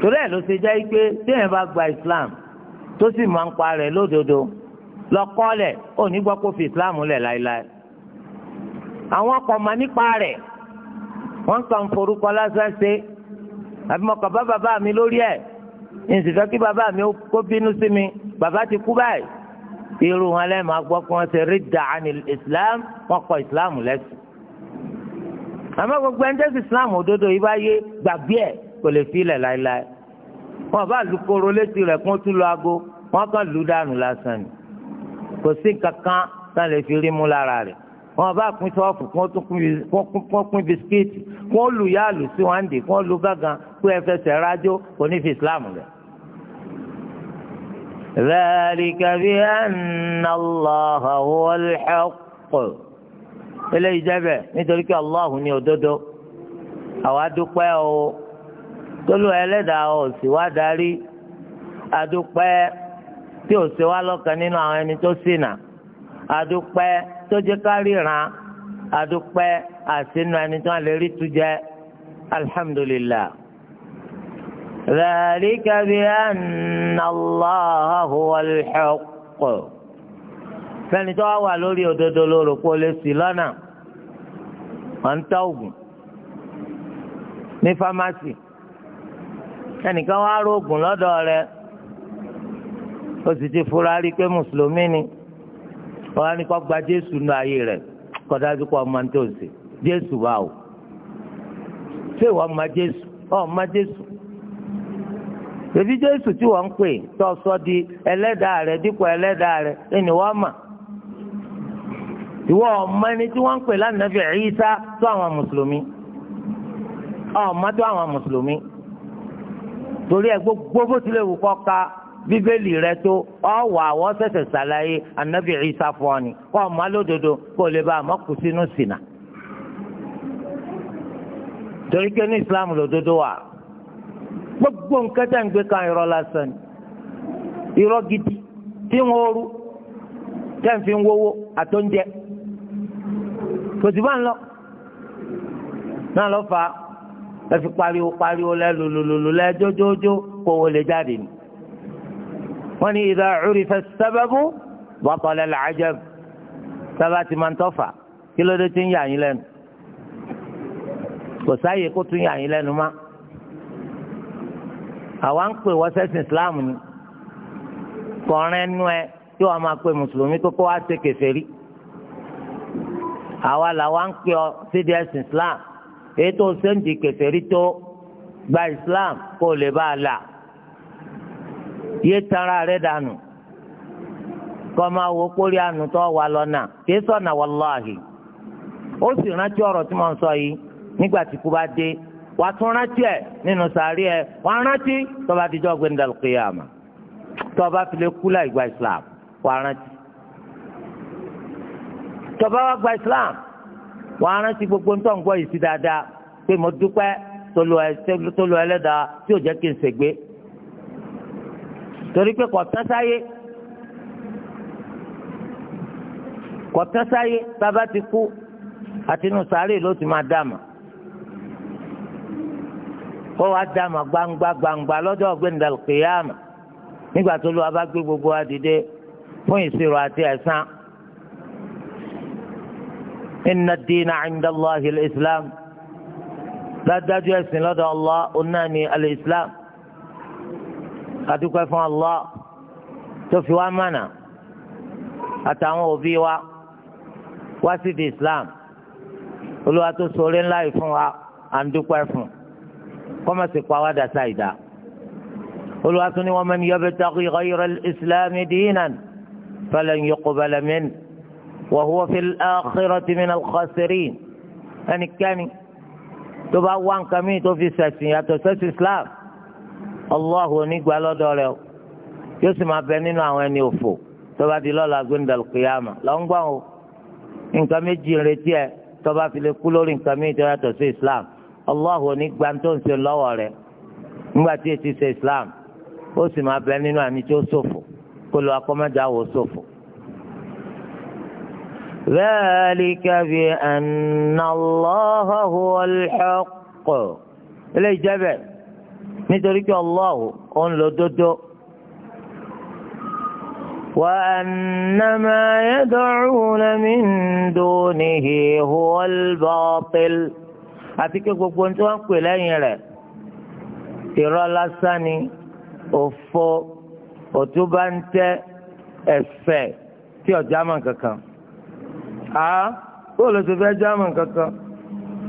torí ẹ̀ ló ṣe jẹ́ pé téèyàn bá gba islam tó sì máa ń pa rẹ̀ lódodo lọ́kọ́lẹ̀ ò ní gbọ́ kó fi islam lẹ̀ láéláé àwọn kò mọ̀ nípa rẹ̀ wọ́n kàn forúkọ lásán ṣe àbí mo kàn bá bàbá mi lórí ẹ̀ ìsìfẹ́ kí bàbá mi kó bínú sí mi bàbá ti kú báyìí irú wọn lẹ́ẹ̀ máa gbọ́ kí wọ́n ṣe ridda anil islam wọ́n kọ islam lẹ́sìn àmọ́ gbogbo ẹni tẹ́sí islam òdodo yìí bá yé gbàgbé ẹ̀ kò lè filẹ̀ láéláé wọn bá lu koro létí rẹ̀ kó tún lu aago wọn kàn lu dànù lásán ni kò sí kankan náà lè fi rí mú lára rẹ̀ wọn bá pín sọ́ọ̀fù kó tún pín bisikíìtì kó lu yáàlù sí wọn kó lu gángan kó ẹ fẹsẹ̀ rájò kò ní fi islam rẹ̀. ذلك بأن الله هو الحق eléyìí jẹ́ bẹ́ẹ̀ nítorí pé Allah ni òdodo tolu ẹlẹ́dàá ò sì wá darí adúpẹ́ tí ò sì wá lọ́kàn nínú àwọn ẹni tó ṣìnà adúpẹ́ tó jẹ́ ká ríran adúpẹ́ àsínú ẹni tó lè rí tu jẹ alhamdulilah. ذلك بأن الله هو الحق fẹ́ni tó wà lórí òdodo lóru kó lè sí lọ́nà ẹnìkan wá rògùn lọ́dọ̀ rẹ̀ ó sì ti fura rí i pé mùsùlùmí ni wọ́n á ní kó gba jésù nù ayé rẹ̀ kọ́dá sí kó ọmọ tó sè jésù wà o ṣé ọmọ jésù ọmọ jésù jésù tí ń pè tó sọ di ẹlẹ́dàá dípò ẹlẹ́dàá ọmọ ẹni tí ń pè lánàá fi tó àwọn mùsùlùmí ọmọ tó àwọn mùsùlùmí. torí ẹ gbogbo bó tilẹ̀ wù kọ́ ka bíbélì rẹ tó ọwọ́ àwọn sẹ̀sẹ̀ sàlàyé anabi isa fọ́ọ̀nì kọ́ ọ̀ma lódodo kó lè bá àmọ́ kù sínú sínà torí pé ní islam lòdodo wa gbogbo nǹkan tẹ̀ ń gbé kan irọ́ lásán irọ́ gidi tí ń horu tẹ̀ ń fi ń wowó àtọ́njẹ kò ń lọ náà lọ fà á ẹ fi pariwo pariwo lẹ́lòlòlò lẹ́jọ́jọ́jọ́ kó o lè jáde ni. wọ́n ní idha urifa as-sababu batala al-ajab sábà ti máa ń tọ́fà kí ló dé tí ń yà yín lẹ́nu kò sáàyè kó tún yà yín lẹ́nu má. àwa ń pè wọ́n sẹ́sìn islam ni kọ̀ọ̀rẹ́ nú ẹ tí wọ́n máa pe mùsùlùmí kókó wá ṣe kèfèrí àwa làwa ń pè ọ sídìí ẹ̀sìn islam. ètò sẹ́ńdì kẹsẹ̀rí tó gba islam kó lè bá a là yé tara rẹ dànù kọ́má wo kórìí ànútọ́ wà lọ́nà kìí sọ̀nà wàláhì ó sì rántí ọ̀rọ̀ tí mo ń sọ yìí nígbà tí kú bá dé wàá tún rántí ẹ̀ nínú sàárì ẹ̀ wàá rántí tọ́ba àtijọ́ gbẹ̀ndàlù kìyàmà tọ́ba filẹ̀ kú láì gba islam wàá rántí tọ́ba wa gba islam wọ́n á rántí gbogbo ń tọ́ ń gbọ́ yìí sí dáadáa pé mo dúpẹ́ tó lo ẹlẹ́dàá tí ò jẹ́ kí n ṣègbé torí pé kò tán sáyé kò tán sáyé bàbá ti kú àti inú sàárè ló ti máa dààmú kó wa dààmú gbangba gbangba lọ́jọ́ ọ̀gbẹ́ni dàlùkìyàmù nígbà tó lu abá gbé gbogbo wa dìde fún ìṣirò àti ẹ̀san inna ad-dina 'inda Allahi al-islam dájú ẹ̀sìn lọ́dọ̀ Allah onáà ní al-islam adúpẹ́ fún Allah tó fi wá mọ̀nà àtàwọn òbí wa wá sí di islam olúwa tó sọrí ńlá yìí fún wa à ń dúpẹ́ fún kọ́mọ̀sì pàwádà ṣàìdá olúwa tó ní wa man yabtaghi ghayra al-islam dinan falan yuqbala minhu wa huwa fil akhirati minal khasirin ẹnikẹ́ni tó bá wá nǹkan míì tó fi ṣẹ̀sìn yàtọ̀ ṣẹ̀sìn Islam Allahu onígbà lọ́dọ̀ rẹ̀ o yóò sì máa bẹ nínú àwọn ẹni òfò tó bá di lọ́la gbẹ̀ndàlù kìyàmà lọ́ngbọ̀n o nǹkan méjì ń retí ẹ tó bá fi lè kú lórí nǹkan míì tó yàtọ̀ sí Islam Allahu onígbà tó ń ṣe lọ́wọ́ rẹ̀ nígbà tí èsì ṣe Islam ó sì máa bẹ nínú àní tó ṣòfò kó lọ́ọ́ akọ́mọ́jà wò ṣòfò. ذلك بأن الله هو الحق eléyìí jẹ́ bẹ́ẹ̀ nítorí pé Allah òun ló dodo وأن ما يدعون من دونه هو الباطل àti pé gbogbo ohun tí wọ́n ń pè lẹ́yìn rẹ̀ irọ́ lásán ni òfo òtúbáńtẹ́ ẹ̀fẹ̀ tí ọ̀já mọ̀ kankan. a ah, bóòlù tó fẹ́ jámọ̀ kankan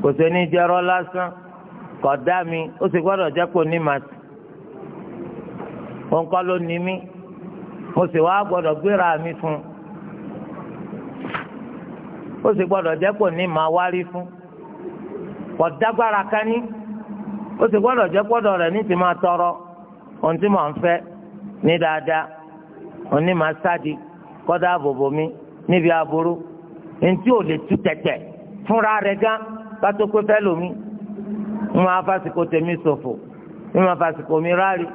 kò sí ní jẹrọ lásán kódà mi ó sì gbọ́dọ̀ jẹ́ kó ní màtí òun kọ́ ló ní mí mo sì wá gbọ́dọ̀ gbéra mi fún un ó sì gbọ́dọ̀ jẹ́ kó ní màá wárí fún kọ̀dágbára kání ó sì gbọ́dọ̀ jẹ́ gbọ́dọ̀ rẹ̀ ní ti máa tọrọ ohun tí mò ń fẹ́ ní dáadáa òun ní màá sádi kọ́dá àbòbò mi níbi aburú ntí ò lè tú tẹ̀tẹ̀ fúnra rẹ̀ gán kátó fẹ́ lomi ń máa fásikò tèmi ṣòfò ń máa fásikò mi rárí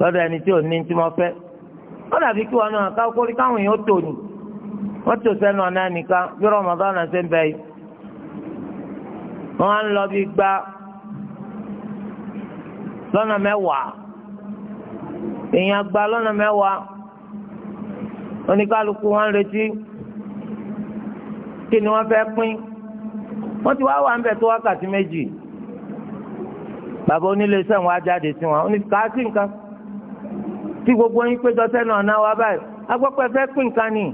lọ́dọ̀ ẹni tí ò ní tí mo fẹ́ ó dàbí kí wọn náà káwọ́ kórí káwọn èèyàn tò ní wọ́n tò sẹ́nu ọ̀nà nìkan bí rọmọdún ṣe ń bẹ yìí lọ bí gba lọ́nà mẹ́wàá èèyàn gba lọ́nà mẹ́wàá oníkálukú wọn retí. kí ni wọ́n fẹ́ pín wọ́n ti wá wà ń bẹ̀ tó wákàtí méjì bàbá onílé iṣẹ́ wọn jáde sí wọn oní kà sí nǹkan tí gbogbo yín péjọ wa báyìí agbọ́pẹ́ fẹ́ pín nǹkan ni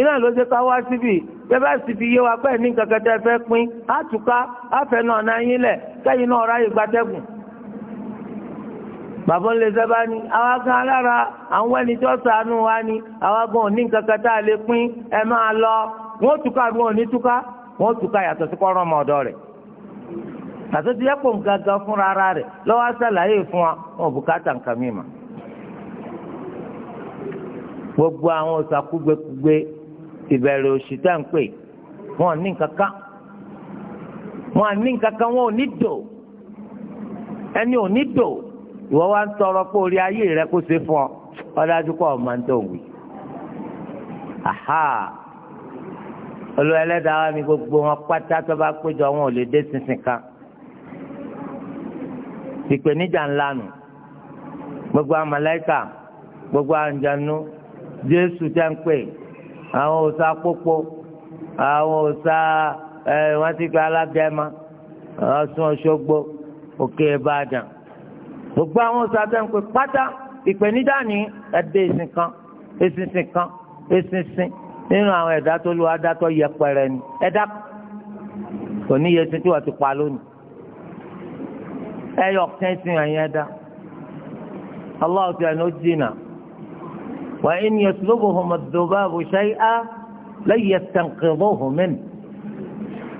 iná ló ṣe ká wá síbi bẹ́ẹ̀ bá sì fi yé wa pẹ́ ní kankan tẹ́ fẹ́ pín àtúká àfẹnù ọ̀nà yín lẹ̀ kẹ́yìn náà ráyè gbatẹ́gùn bàbá ní àwa àwọn wa ni àwa gan ò ní nǹkan wọ́n túká àbí wọn ò ní túká wọ́n túká yàtọ̀ sí kọ́rọ́ ọmọ fúnra ara rẹ̀ lọ́wọ́ sàlàyé fún wa wọn bùkátà gbogbo àwọn òsàkúgbèkúgbè ìbẹ̀rẹ̀ òṣì tá à ń pè wọn ní kankan wọn ní kankan wọn ò ní dò ẹni ò ní dò ọ olùwà ẹlẹ́dàá wa ni gbogbo wọn pátá tó bá péjọ wọn ò lè dé sísìn kan ìpèníjà ńlá nù gbogbo amalaika gbogbo àǹjànú jésù tẹ́ ń pè àwọn òòṣà pópó àwọn òòṣà ẹ wọ́n ti gba alágẹ̀mọ ọ̀ṣun ọ̀ṣọ́gbó òkè ìbàdàn gbogbo àwọn òòṣà tẹ́ ń pè pátá ìpèníjà ní ẹ̀dẹ́ ìsìn kan ìsìnsìn kan ìsìnsìn nínú àwọn ẹ̀dá tó lu adátọ́ yẹpẹrẹ ni ẹ̀dá kò ní yẹtí tí wọ́n ti pa lónìí ẹ̀yọ kẹ́sìn ẹ̀yẹ ẹ̀dá Allah ti àná wà á ní yaslubuhum ad-dhubabu shay'an la yastanqidhuhu minhu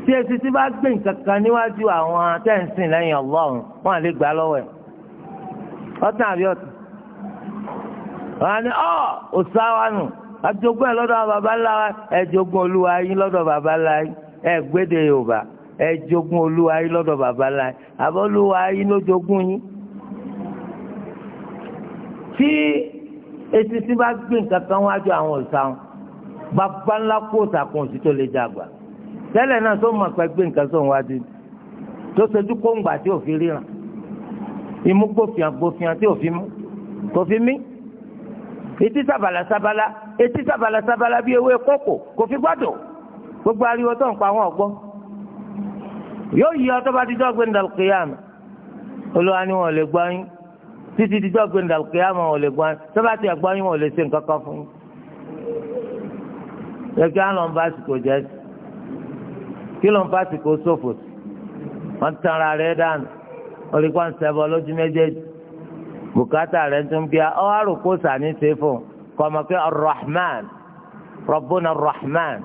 tí etí tí bá gbé nǹkan níwájú àwọn tẹ́ǹsìn lẹ́yìn ọlọ́run wọn à lè gbà lọ́wọ́ ẹ̀ á ní àjogún ẹ lọ́dọ̀ bàbá ńlá wa ẹ jogún olúwa yín lọ́dọ̀ bàbá ńlá yín ẹ gbéde yorùbá ẹ jogún olúwa yín lọ́dọ̀ bàbá ńlá yín àbọ̀ olúwa yín ló jogún yín. tí eṣinṣin bá gbé nǹkan kan wájú àwọn òòsàn bàbá ńlá kó òsàkùn òsì tó lè dàgbà tẹ́lẹ̀ náà tó mọ̀ pé gbé nǹkan sóhun wájú tó sojú kóńgbà tí òfin ríran imú gbófin àgbófin àti òfin mú kò fi mí etí sábàlàsábàlà etí sábàlàsábàlà bí ewé kókò kò fi gbádùn gbogbo ariwo tó ń pa wọn gbọ́ yóò yí ọtọ́ bá dídọ́ gbé ndàlùkìyàmù olúwa ni wọn ò lè gbọ́ yín títí dídọ́ gbé ndàlùkìyàmù wọn ò lè gbọ́ yín tó bá ti gbọ́ yín wọn ò lè ṣe nǹkan fún yín. yẹ kí wọn lọ ń bá àsìkò jẹ sí kí ló ń fa àsìkò ṣòfò sí wọn tanra rẹ dànù orí kan ṣẹbọ lójú méjèèjì bùkátà rẹ̀ tún bí a ọ́ àròkó sàní ṣe fún kọ́mọ pé arrahman rabbuna arrahman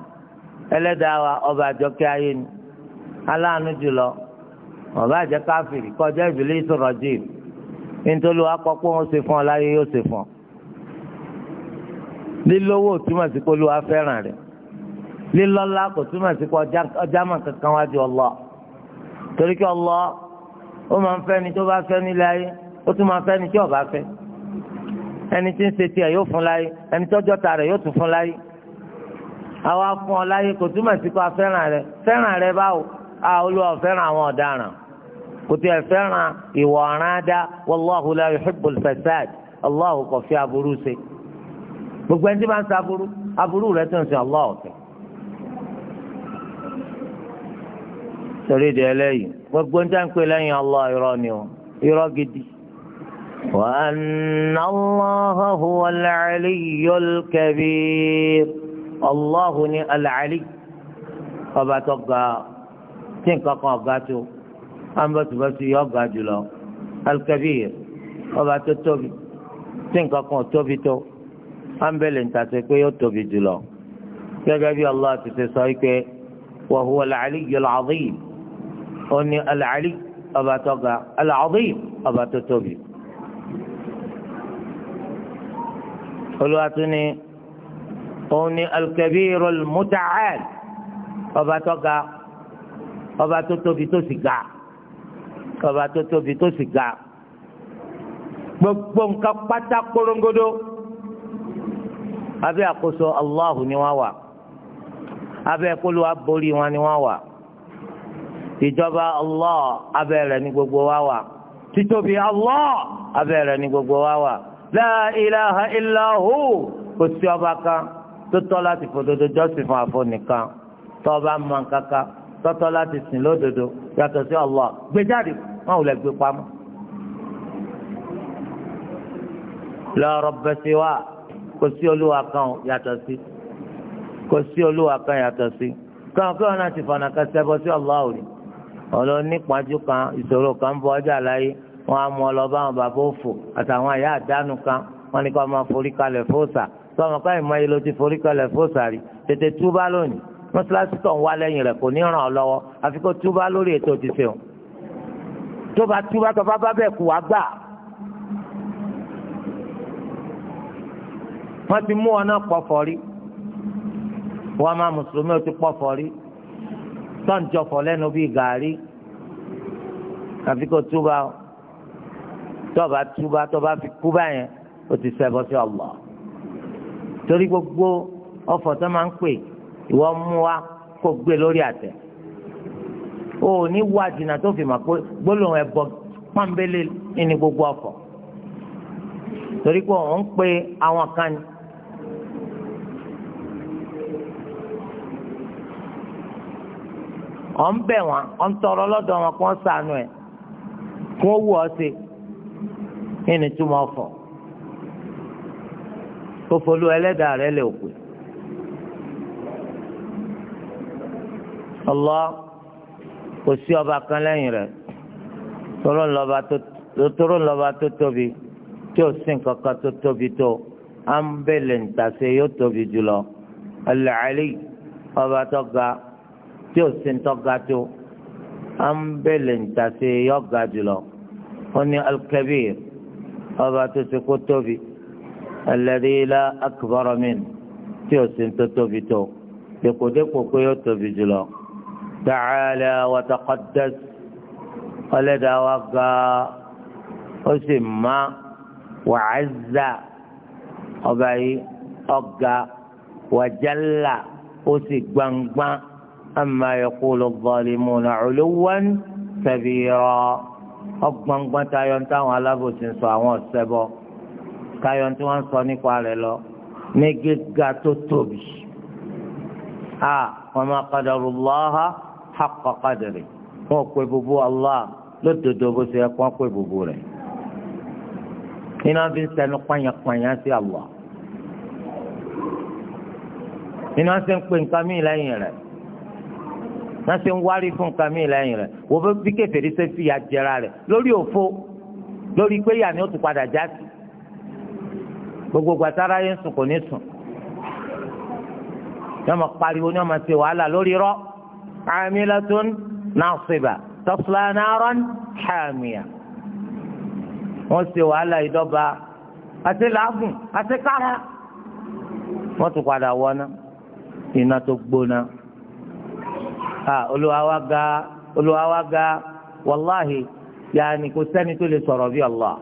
ẹlẹ́dàá wa ọba àjọkẹ́ ayé ni aláàánú jùlọ ọba àjẹ káfíìrì kọjá ìbílẹ̀ ìṣòro jìm nítorí akọ́kọ́ wọn ṣe fún ọ láyé yóò ṣe fún ọ. lílówó túmọ̀ sí pé olúwa fẹ́ràn rẹ̀ lílọ́lá kò túmọ̀ sí pé ọjà mọ̀ kankan wájú Allah torí kí Allah ó máa ń fẹ́ ni tó bá fẹ́ nílé ayé. ó tún máa fẹ́ ẹni tí ọba fẹ́ ẹni tí ń ṣe tiẹ̀ yóò fún láyé ẹni tí ọjọ́ ta rẹ̀ yóò tún fún láyé àwa ọ láyé kò túmọ̀ sí pa fẹ́ràn rẹ fẹ́ràn rẹ báwo a fẹ́ràn àwọn ọ̀daràn kò tiẹ̀ fẹ́ràn ìwà ọ̀ràn dá wàlláhu la yuhibbul fasad allahu kò fi aburú ṣe gbogbo ẹni tí bá ń sa aburú aburú rẹ tó ń sin torí ẹlẹ́yìn gbogbo ń tẹ́ ń pè lẹ́yìn ni وأن الله هو العلي الكبير الله ني العلي ọba tó ga tí nǹkan kan ọ̀gá tó ambọ̀tìbọ̀tì yọ ọ̀gá jùlọ alkabir ọba tó tóbi tí nǹkan kan tóbi tó ambẹ̀lẹ̀ ntàtẹ́ pé yóò tóbi jùlọ gẹ́gẹ́ bí allah ti ṣe sọ pé wa huwa al-aliyyu al-azim ó ní al-ali ọba tó ga al-azim ọba tó tóbi. olùwàtúni òun ni al-kabirul muta'al ọba tó ga ọba tó tóbi tó sì ga ọba tó tóbi tó sì ga gbogbo nǹkan pátá korongodo abẹ́ àkóso Allahu ni wọ́n wà abẹ́ kólú aborí wọn ni wọ́n wà ìjọba Allah abẹ́ rẹ̀ ni gbogbo wa wà títóbi Allah abẹ́ rẹ̀ ni gbogbo wa wà la ilaha illa hu kò sí ọba kan tó tọ́ láti fòdodo jọ́sìn fún àfọ̀nìkan tó bá mọ kankan tó tọ́ láti sìn lódodo yàtọ̀ sí Allah gbéjáde wọn ò lè gbé pamọ́. la rabba siwa kò sí olúwa kan yàtọ̀ sí kò sí olúwa kan yàtọ̀ sí káwọn kí wọn náà ti fọnà kan sẹ́bọ̀ sí Allah òní ọ̀lọ́ kan ìṣòro kan bọ́ ọjà láyé wọ́n á mú ọ lọ bá àwọn bàbá òfò àtàwọn àyà àdánù kan wọ́n ní kó máa forí kalẹ̀ fóòsà tó ọmọ káyìí mọ ilé ti forí kalẹ̀ fóòsà rí tètè túbá lónìí mọ́tíláṣí tó ń wá lẹ́yìn rẹ̀ kò ní ràn ọ́ lọ́wọ́ àfi kó túbá lórí ètò ti ṣe o tó bá túbá tó bá bá bẹ̀ kú wá gbà. wọ́n ti mú ọ náà pọ̀ fọ́rí wọ́n máa mùsùlùmí ó ti pọ̀ fọ́rí tọ́ǹjọ́fọ̀ lẹ́nu bíi gàárì àfi kó túbá tọ́ba túba tọ́ba fi kú báyẹn o ti ṣẹbọ sí Allah torí gbogbo ọ̀fọ̀ tó máa ń pè ìwọ mú wa kó gbé lórí àtẹ o ní wá jìnnà tó fi mà pé gbólóhùn ẹbọ pọ́nbélé ní gbogbo ọ̀fọ̀ torí pé òun pe àwọn kan ni. ọ̀ ń bẹ̀ wọ́n ọ̀ ń tọrọ lọ́dọ̀ wọn kó ń sànú ẹ̀ kó wù ọ́ sí i. kí ni túmọ̀ ọ̀fọ̀ fòfolú ẹlẹ́dàá rẹ lè òkú Allah kò sí ọba kan lẹ́yìn rẹ̀ tóró ńlọba tó tóbi tí ò sí nǹkan tó tóbi tó à ń bẹ̀lẹ̀ ntàsé yóò tóbi jùlọ al ọba tó ga tí ò sí ntọ́ ga tó à ń bẹ̀lẹ̀ yóò ga jùlọ ó ní al ọba tó ti kó tóbi alladhi la akbara min tí o sì ń tó tóbi tó dèkòdèkò pé ó tóbi jùlọ ta'ala wa taqaddas ọlẹ́dàá wa ga ó sì má wa'azza ọba yìí ọ̀gá wàjálà ó sì gbangba amma yaqulu adh-dhalimuna 'uluwan kabira ọgbọ̀ngbọ́n tayọ ń táwọn alábòsí ń sọ àwọn ọ̀sẹ́bọ tayọ tí wọ́n ń sọ nípa rẹ̀ lọ ní gíga tó tóbi a wọn máa qadarullaha haqqa qadri wọn ò pe bubu Allah lódodo bó ṣe yẹ kó wọn pe bubu rẹ̀ iná fi ń sẹnu pányápányá sí Allah iná sì ń pe nǹkan mí lẹ́yìn rẹ̀ na ṣe ń wárí fún nǹkan mí lẹ́yìn rẹ̀ wò ó bí kèfèrí ṣe fi ìyà jẹra rẹ̀ lórí òfo lórí pé ìyà ni ti padà já sí gbogbo gbàtàrà yẹn sùn kò ní sùn yọọ ma pariwo ni wọn ma ṣe wàhálà lórí rọ amilatun nasiba tasla naran hamiya wọn ṣe wàhálà ìdọba àti làágùn àti kára wọn tún padà wọná iná tó gbóná. olúwa wa wàláhì yaani kò sẹ́ni tó lè sọ̀rọ̀ bí Allah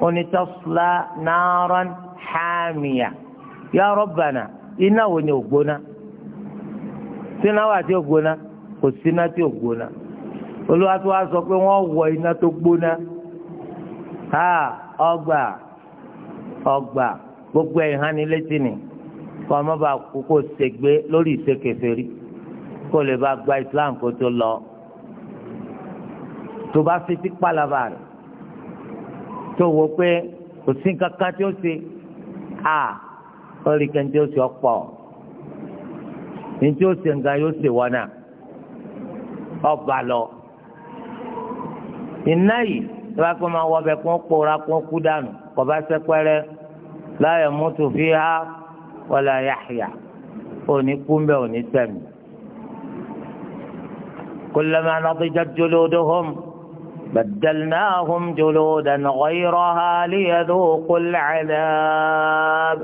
onítọ́sílá náírán hàmìyà ya Rabbana iná wo ni ò síná wà tí ò kò síná tí ò gbóná sọ pé wọ́n wọ iná tó gbóná ha ọgbà ọgbà gbogbo ẹ̀ hàn ní létí ni. kọ́ ọmọ bá kú kó ṣègbé lórí ìṣekèfèrí kó lè bá gba islam kó tó lọ tó bá fetí pàlàbà rẹ̀ tó wọ pé kò sí nǹkan kan tí ó ṣe à ó rí kan tí ó ṣe ọ̀pọ̀ ní tí ó ṣe nǹkan yóò ṣe wọ́n náà ọba lọ iná yìí tí wọ́n pẹ́ máa wọ ọbẹ̀ kó pòórá kó kú dànù kọ́ bá sẹ́pẹ́rẹ́ láyọ̀ mọ́tò fi há wala yahya òní kúmbẹ òní sẹmi kullama nadijat juluduhum badalnahum juludan ghayraha liyadhuqu al'adab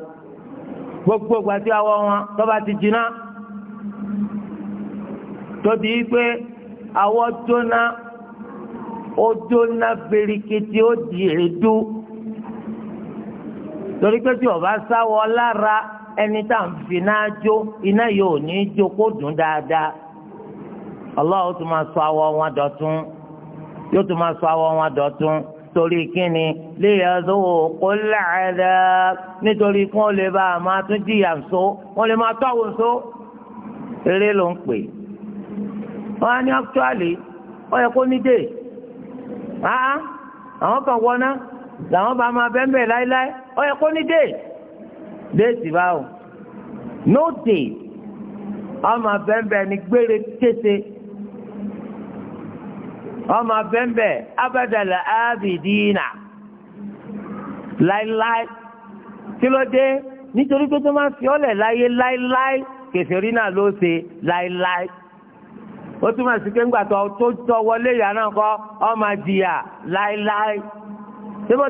gbogbo gbàtí àwọn wọn tó bá ti jiná tó di pé jóná ó jóná birikiti ó di èédú torí pé tí ó bá sáwọ lára ẹni tá à ń fi náà jó iná yóò ní í jó kó dùn dáadáa Allah ó tún máa sọ awọ wọn dọ̀tún yóò tún máa sọ awọ wọn dọ̀tún torí kíni lè yàtọ̀ kó làádá nítorí kí wọ́n lè bá a máa tún jìyà nsó wọ́n lè máa tọ́wọ́ nsó eré ló ń pè wọ́n á ní actually wọ́n yẹ kó ní dé àwọn kan wọ́n ná làwọn bá máa bẹ́ẹ̀ bẹ́ẹ̀ láéláé wọ́n yẹ kó ní dé. déètì no ọmọ abẹ́ńbẹ́ ni gbére tètè ọmọ abẹ́ńbẹ́ abadala abidina láíláí kí ló dé nítorí pé tó máa fi ọlẹ̀ láyé láíláí kèfèrí náà ló ṣe ó túmọ̀ sí pé ńgbà tó tó wọlé ìyá náà kọ́ ọmọ ṣé bó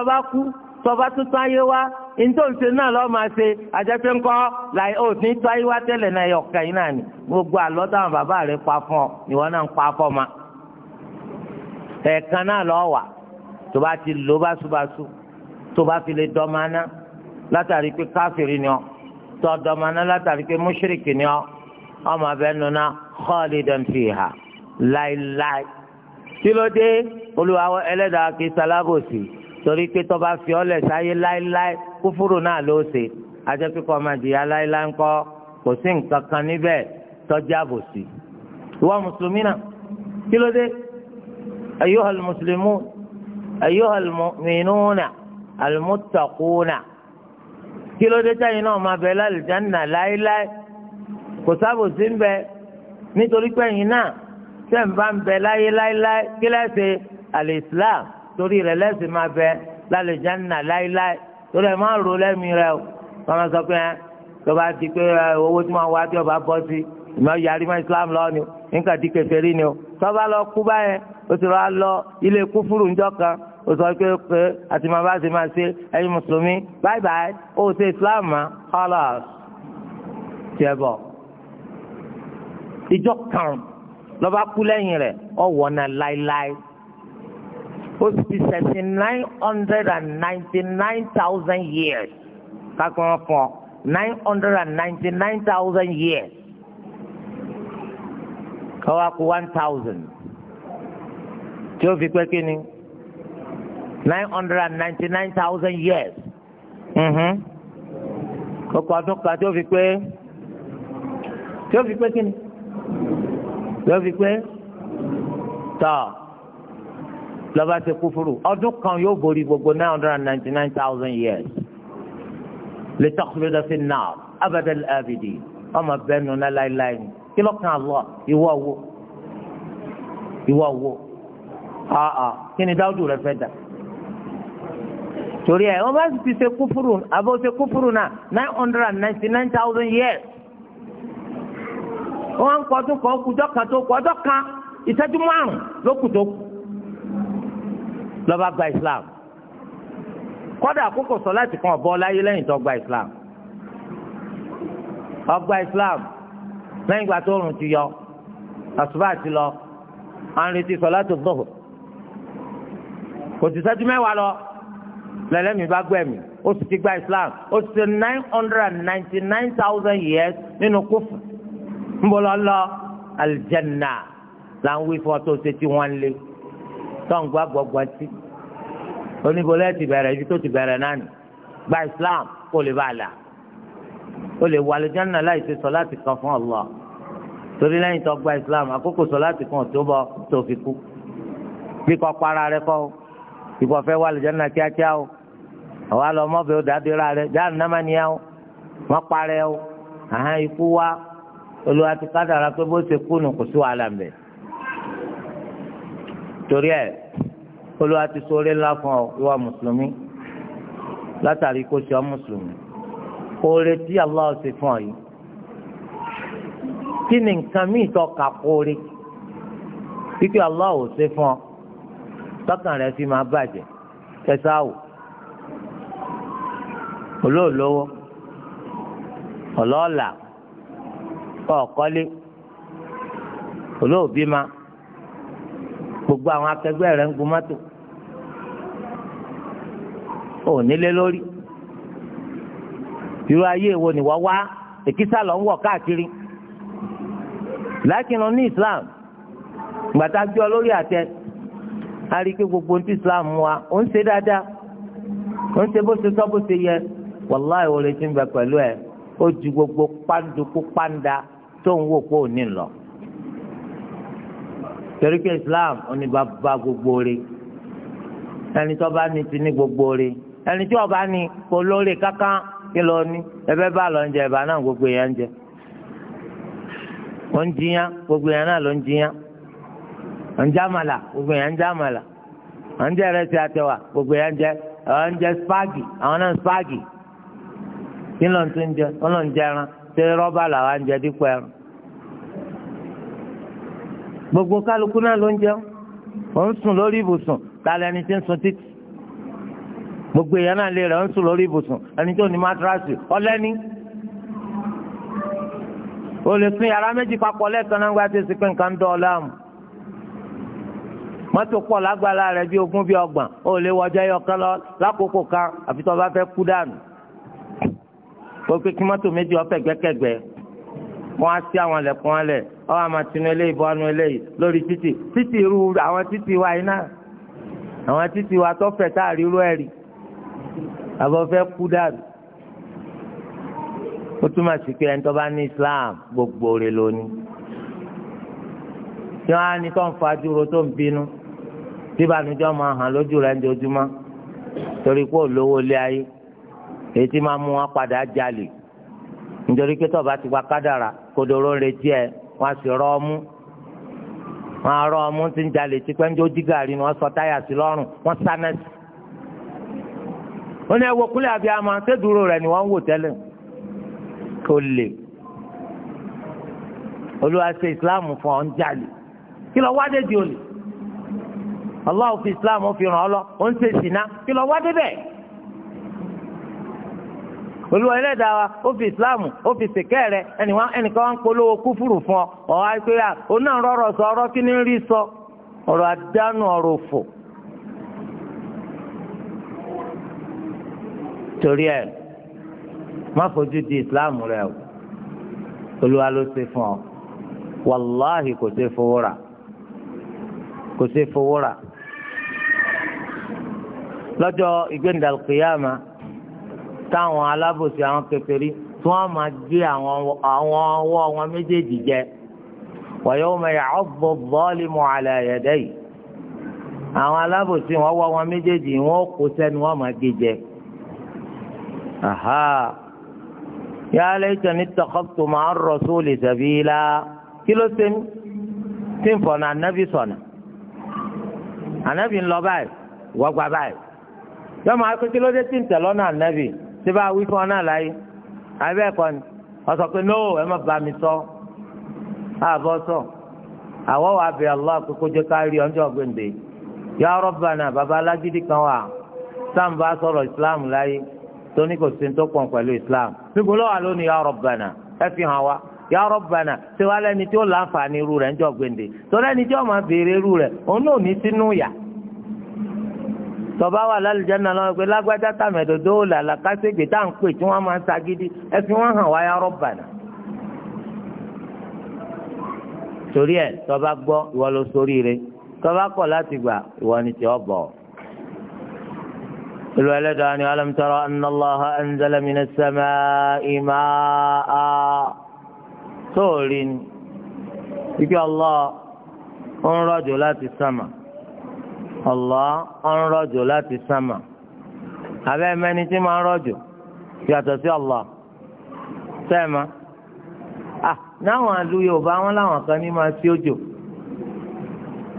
ọba kú tọba ayé ntòǹṣe náà lọ́ọ́ máa ṣe àjẹpẹ́ ńkọ́ láì ó ní tó ayé wá tẹ́lẹ̀ náà yọ kẹ́yìn náà ni gbogbo àlọ́ táwọn bàbá rẹ̀ pa fún ọ ìwọ náà ń pa fọ́ ma. ẹ̀ẹ̀kan náà lọ́ọ́ wà tó bá ti lò báṣubàṣu tó bá fi lè dọ́mọ́ná látàrí pé káfíìrì ni ọ tó dọ́mọ́ná látàrí pé mùṣírìkì ni ọ ọmọ abẹ nuna khalidan fiha láíláí. kí ló dé olùwàwọ ẹlẹ́dàá kì í salábòsì torí pé tó bá fi ọ lẹ̀ sáyé láíláí kúfúrú náà ló ṣe ajẹ́pípọ̀ máa di aláìláì ńkọ́ kò sí nǹkan kan níbẹ̀ tọ́jú àbòsí. ìwọ mùsùlùmí náà kí ló dé ayyuhal muslimun ayyuhal mu'minuna al-muttaquna kí ló dé táyì náà máa bẹ̀ lálùjáná láéláé kò sábòsí ń bẹ nítorí pé náà tẹ̀ ń bá ń bẹ láyé láéláé kí lẹ́sẹ̀ al-islam torí rẹ̀ lẹ́sìn máa bẹ lálùjáná láéláé torí ẹ máa rò lẹ́mìí rẹ o tọ́lá sọ pé ẹ tó bá di pé owó tí wọ́n wá tí ọba bọ́ sí ìmọ̀ yarí mọ́ Islam lọ ni nǹkan di kèfèrí ni o tọ́ba lọ kú báyẹn o sì rà lọ ilé kúfúrú ńjọ́ kan o sọ pé pé àti máa bá ṣe máa ṣe ẹ̀yin mùsùlùmí báyìí báyìí o ṣe Islam mọ́ kọ́lá tiẹ̀ bọ̀ ìjọ kan lọ́ba kú lẹ́yìn rẹ̀ ọ̀wọ́ náà láéláé ó sì ti sẹ̀sìn nine hundred and ninety nine thousand years kápẹ́ wọn fún ọ nine hundred and ninety nine thousand years kọ́wá kú one thousand tí ó fi pé kí ni nine hundred and ninety nine thousand years mm-hmm. kókò ọdún kan tí ó fi pé tí ó fi pé kí ni tí ó fi pé tọ́ lọ́ba ṣe kúfúrú ọdún kan yóò borí gbogbo nine hundred and ninety nine thousand years lè tọ́kùlódà fi nà abadal abidi ọmọ bẹ́ẹ̀ nù náà láéláé ni kí ló kan àlọ́ ìwọ wo ìwọ wo Aa. kí ni dáwùdù rẹ fẹ́ dà torí ẹ wọn bá ti ṣe kúfúrú àbọ̀ ṣe kúfúrú náà nine hundred and ninety nine thousand years wọn ń kọ́ ọdún kan kú ọjọ́ kan tó kú ọjọ́ kan ìṣẹ́jú márùn-ún ló kù tó kù lọ́ba gba islam kọ́dà àkókò sọ láti kan ọ̀bọ láyé lẹ́yìn tó gba islam ọgbà islam lẹ́yìn ìgbà tó rùn ti yọ àṣùbà ti lọ à ń retí sọ láti dọ̀hùn kò sì sẹ́jú mẹ́wàá lọ lẹ́lẹ́mìí bá gbẹ̀mí ó sì ti gba islam ó sì ti nine hundred and ninety nine thousand years nínú kófù ńbọlọlọ aljanna là ń wí fún ọ tó ṣe tí wọn lé tó ń gbàgbọ́ gbọ́ntì oníbolẹ́ ti bẹ̀rẹ̀ ibi tó ti bẹ̀rẹ̀ náà nì gba islam kó lè bá a là ó lè wà lójánná láì ṣe sọláàtì kan fún Allah torí lẹ́yìn tó gba islam àkókò sọláàtì kan tó bọ tó fi kú bí kò para rẹ kọ́ ìkọ̀ fẹ́ wà lójánná kíákíá o àwa lọ mọ́bẹ̀ ó dàbí ra rẹ jáde náà máa níyà o wọ́n parẹ́ o àhán ikú wá olùwà ti kádàrà pé bó ṣe kú nù kò sí wàhálà ń torí ẹ̀ olúwa ti sọ̀rọ̀ ńlá fún ọ ìwà mùsùlùmí látàrí kó ṣe ọ mùsùlùmí oore tí Allah ṣe fún ọ yìí kí ni nǹkan míì tó kà kóore títí Allah ò ṣe fún ọ tọkàn rẹ fi máa bàjẹ́ kẹsàáwò olóòlówó ọlọ́ọ̀là ọ̀kọ́lé olóòbí ma gbogbo àwọn akẹgbẹ́ rẹ ń gun mọ́tò ò nílé lórí irú ayé èwo ni wọ́n wá èkísà lọ ń wọ̀ káàkiri lákìnnà ní Islam gbàtà gbé ọ lórí àtẹ a rí i pé gbogbo ní Islam wa ó ń ṣe dáadáa ó ń ṣe bó ṣe sọ bó ṣe yẹ wàláì oore ti ń bẹ pẹ̀lú ẹ̀ ó ju gbogbo pàǹdùkú pàǹdà tó ń wò pé ò ní lọ torí Islam ó ní bá gbogbo rẹ̀ ẹni tó bá ní ti ní gbogbo rẹ̀. ẹni tí ọba ni kò lórí kankan kí ló ní ẹbẹ bá lọ ń jẹ ẹbà náà gbogbo yẹn ń jẹ ó ń jiyàn gbogbo yẹn náà ló ń jiyàn ó ń jámàlà gbogbo yẹn ń jámàlà ó ń jẹ ẹrẹsì àtẹwà gbogbo yẹn ń jẹ ọ ń jẹ spagi àwọn náà spagi kí ló ń tún jẹ ó ló ń jẹ ẹran ṣé rọ́bà làwọn ń jẹ dípò ẹran gbogbo kálukú náà ló ń jẹun ó ń sùn lórí ibùsùn tálẹ́ni tí ń sun títì gbogbo èèyàn náà lè rẹ̀ ń sùn lórí ibùsùn ẹni tó ní mátíráàsì ọlẹ́ni o lè sùn yàrá méjì papọ̀ lẹ́ẹ̀kan náà gba ti sípé nǹkan dán ọ láàmú mọ́tò pọ̀ lágbára rẹ̀ bí ogún bí ọgbọ̀n o lè wọjọ́ yọkan lọ lákòókò kan àfi tó o bá fẹ́ kú dànù o pé kí mọ́tò méjì ọ fẹ̀gbẹ́kẹ̀gbẹ́ wọ́n á sí àwọn ẹlẹ́kùn wọn lẹ̀ ọ wà máa tinú eléyìí bọ́ ọ́nú eléyìí lórí títì títì irú àwọn títì wa yìí náà àwọn títì wa tó fẹ̀ táà rí irú ẹ̀ rí àbọ̀ fẹ́ kú dànù ó túmọ̀ sí pé ẹni tó bá ní Islam gbogbo rẹ̀ lónìí tí wọ́n á ní tó ń fajúro tó ń bínú tí ìbànújẹ́ máa hàn lójú rẹ̀ ń dojúmọ́ torí pé olówó ilé ayé èyí tí máa mú wọn padà jalè nítorí pé tọ́ba ti wá kádàrà kodoro retí ẹ wọ́n á sì rọ́ ọmú wọ́n á ọmú tí ń jalè tí pẹ́ńjọ́ jígàrí ni wọ́n sọ táyà sí lọ́rùn wọ́n sánẹ́sì ó ní ẹwọ kúlẹ̀ abiyamọ ṣé dúró rẹ̀ ni wọ́n ń wò tẹ́lẹ̀ kò lè olúwa ṣe islam fún ọ ń jalè kí lọ wádé di olè Allah fi islam fi ràn ọ lọ ó ń ṣe sìná kí lọ wádé bẹ́ẹ̀ olúwa ẹlẹ́dàá wa ó fi islam ó fi ṣèkẹ́ rẹ ẹnìkan wọn ń polówó kúfùrù fún ọ ọ̀ àìpéyà ó náà rọrọ̀ sọ ọ̀rọ̀ kí ni ń rí sọ ọ̀rọ̀ àdánù ọ̀rọ̀ òfò. torí ẹ má fojú di islam rẹ o olúwa ló ṣe fún ọ wàláhì kò ṣe fowó kò ṣe fowó lọ́jọ́ ìgbéǹdàlùkìyàmà táwọn alábòsí àwọn kékeré tí wọ́n máa gé àwọn ọwọ́ wọn méjèèjì jẹ wa yawma ya'addu adh-dhalimu 'ala yadayhi àwọn alábòsí wọn wọ́ wọn méjèèjì wọn kò sẹ́nu wọn máa gé jẹ. aha ya laitani takhaftu ma'a rasuli sabila kí ló ṣe mí tí n fọ̀nà anabi sọ̀nà anabi ń lọ báyìí wọ́gbà báyìí yọmọ akpé kí ló dé tí n tẹ̀lọ́ náà anabi tí bá wí fún ọ náà láyé àbẹ́ ẹ̀kọ́ ni ọ̀sọ̀ pé no ẹ má bá mi sọ àbọ̀ sọ àwọ̀ wà bẹ̀ Allah kókó jẹ́ ká rí ọjọ́ gbèǹde ya Rabbana bàbá alágídí kan wà sáà ń bá Islam láyé tóní kò sí ntọ́kùn pẹ̀lú islam níbo ló wà lónìí ya Rabbana ẹ fi hàn wá ya Rabbana ṣé wàá lẹ́ni tí ó láǹfààní irú rẹ̀ ń jọ gbèǹde torí ẹni tí ó máa béèrè irú rẹ̀ òun náà ní sínú yà tọba wà lálùjáná lọ́wọ́ pé lágbájá tàmẹ̀dọ̀dọ́ ò làlà kásẹ̀gbè tá à ń pè tí wọ́n máa ń sagídí ẹ fi wọ́n hàn wá ya Rabbana. torí ẹ tọba gbọ́ ìwọ الولدان ألم ترى أن الله أنزل من السماء ماء سول يقول الله أن رجلات السماء الله أن رجلات السماء هذا من يتم أن رجل يتسي الله سما ah náwọn àlù yorùbá wọn làwọn kan ní máa ṣí òjò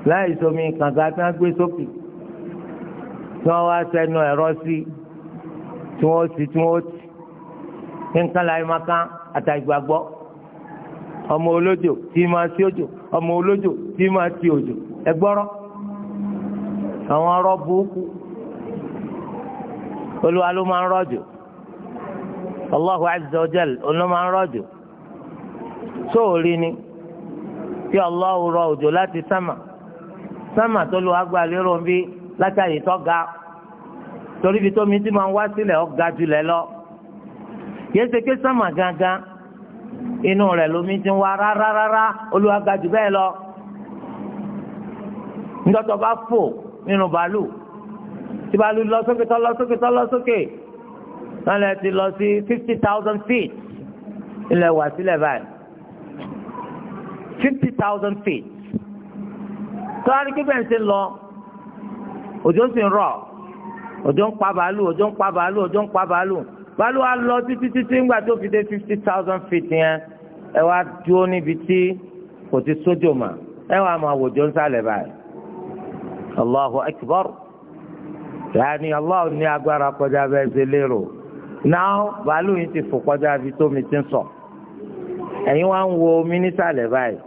láì sọmi tí wọ́n wá sẹ́nu ẹ̀rọ sí tí wọ́n sì tí wọ́n tì nǹkan láyé máa kán àtàgbàgbọ́ ọmọ olójò tí máa sí òjò ọmọ olójò tí máa ti òjò ẹgbọ́rọ́ àwọn olúwa ló máa ń rọ̀jò Allahu ni tí Allahu rọ òjò láti sámà sámà tó lu bíi. látàrí tó ga torí ibi tómi tí máa ń wá sílẹ̀ ó ga jùlẹ̀ lọ yẹ ṣe ké sàmà gangan inú rẹ̀ lómi ti ń wá rárá rárá olúwa ga jù bẹ́ẹ̀ lọ ńdọ́tọ̀ bá fò nínú bàálù tí bàálù lọ sókè tó lọ sókè tó lọ sókè lọ́lẹ̀ ti lọ sí fifty thousand feet ilẹ̀ wà sílẹ̀ báyìí fifty thousand feet tó a ní kí bẹ́ẹ̀ ṣe lọ. òjò sì ń rọ̀ òjò ń pa bàálù òjò ń pa bàálù òjò ń pa bàálù bàálù wa lọ títí títí ńgbà tó fi dé fifty thousand feet yẹn ẹ wá dúró níbi tí kò ti sójò mà ẹ wá máa ń sálẹ̀ báyìí allahu akbar yaani allah ní agbára kọjá bẹ́ẹ̀ ṣe lérò náà bàálù yìí ti fò kọjá ibi tómi ti ń sọ ẹ̀yin wo omi nísàlẹ̀ báyìí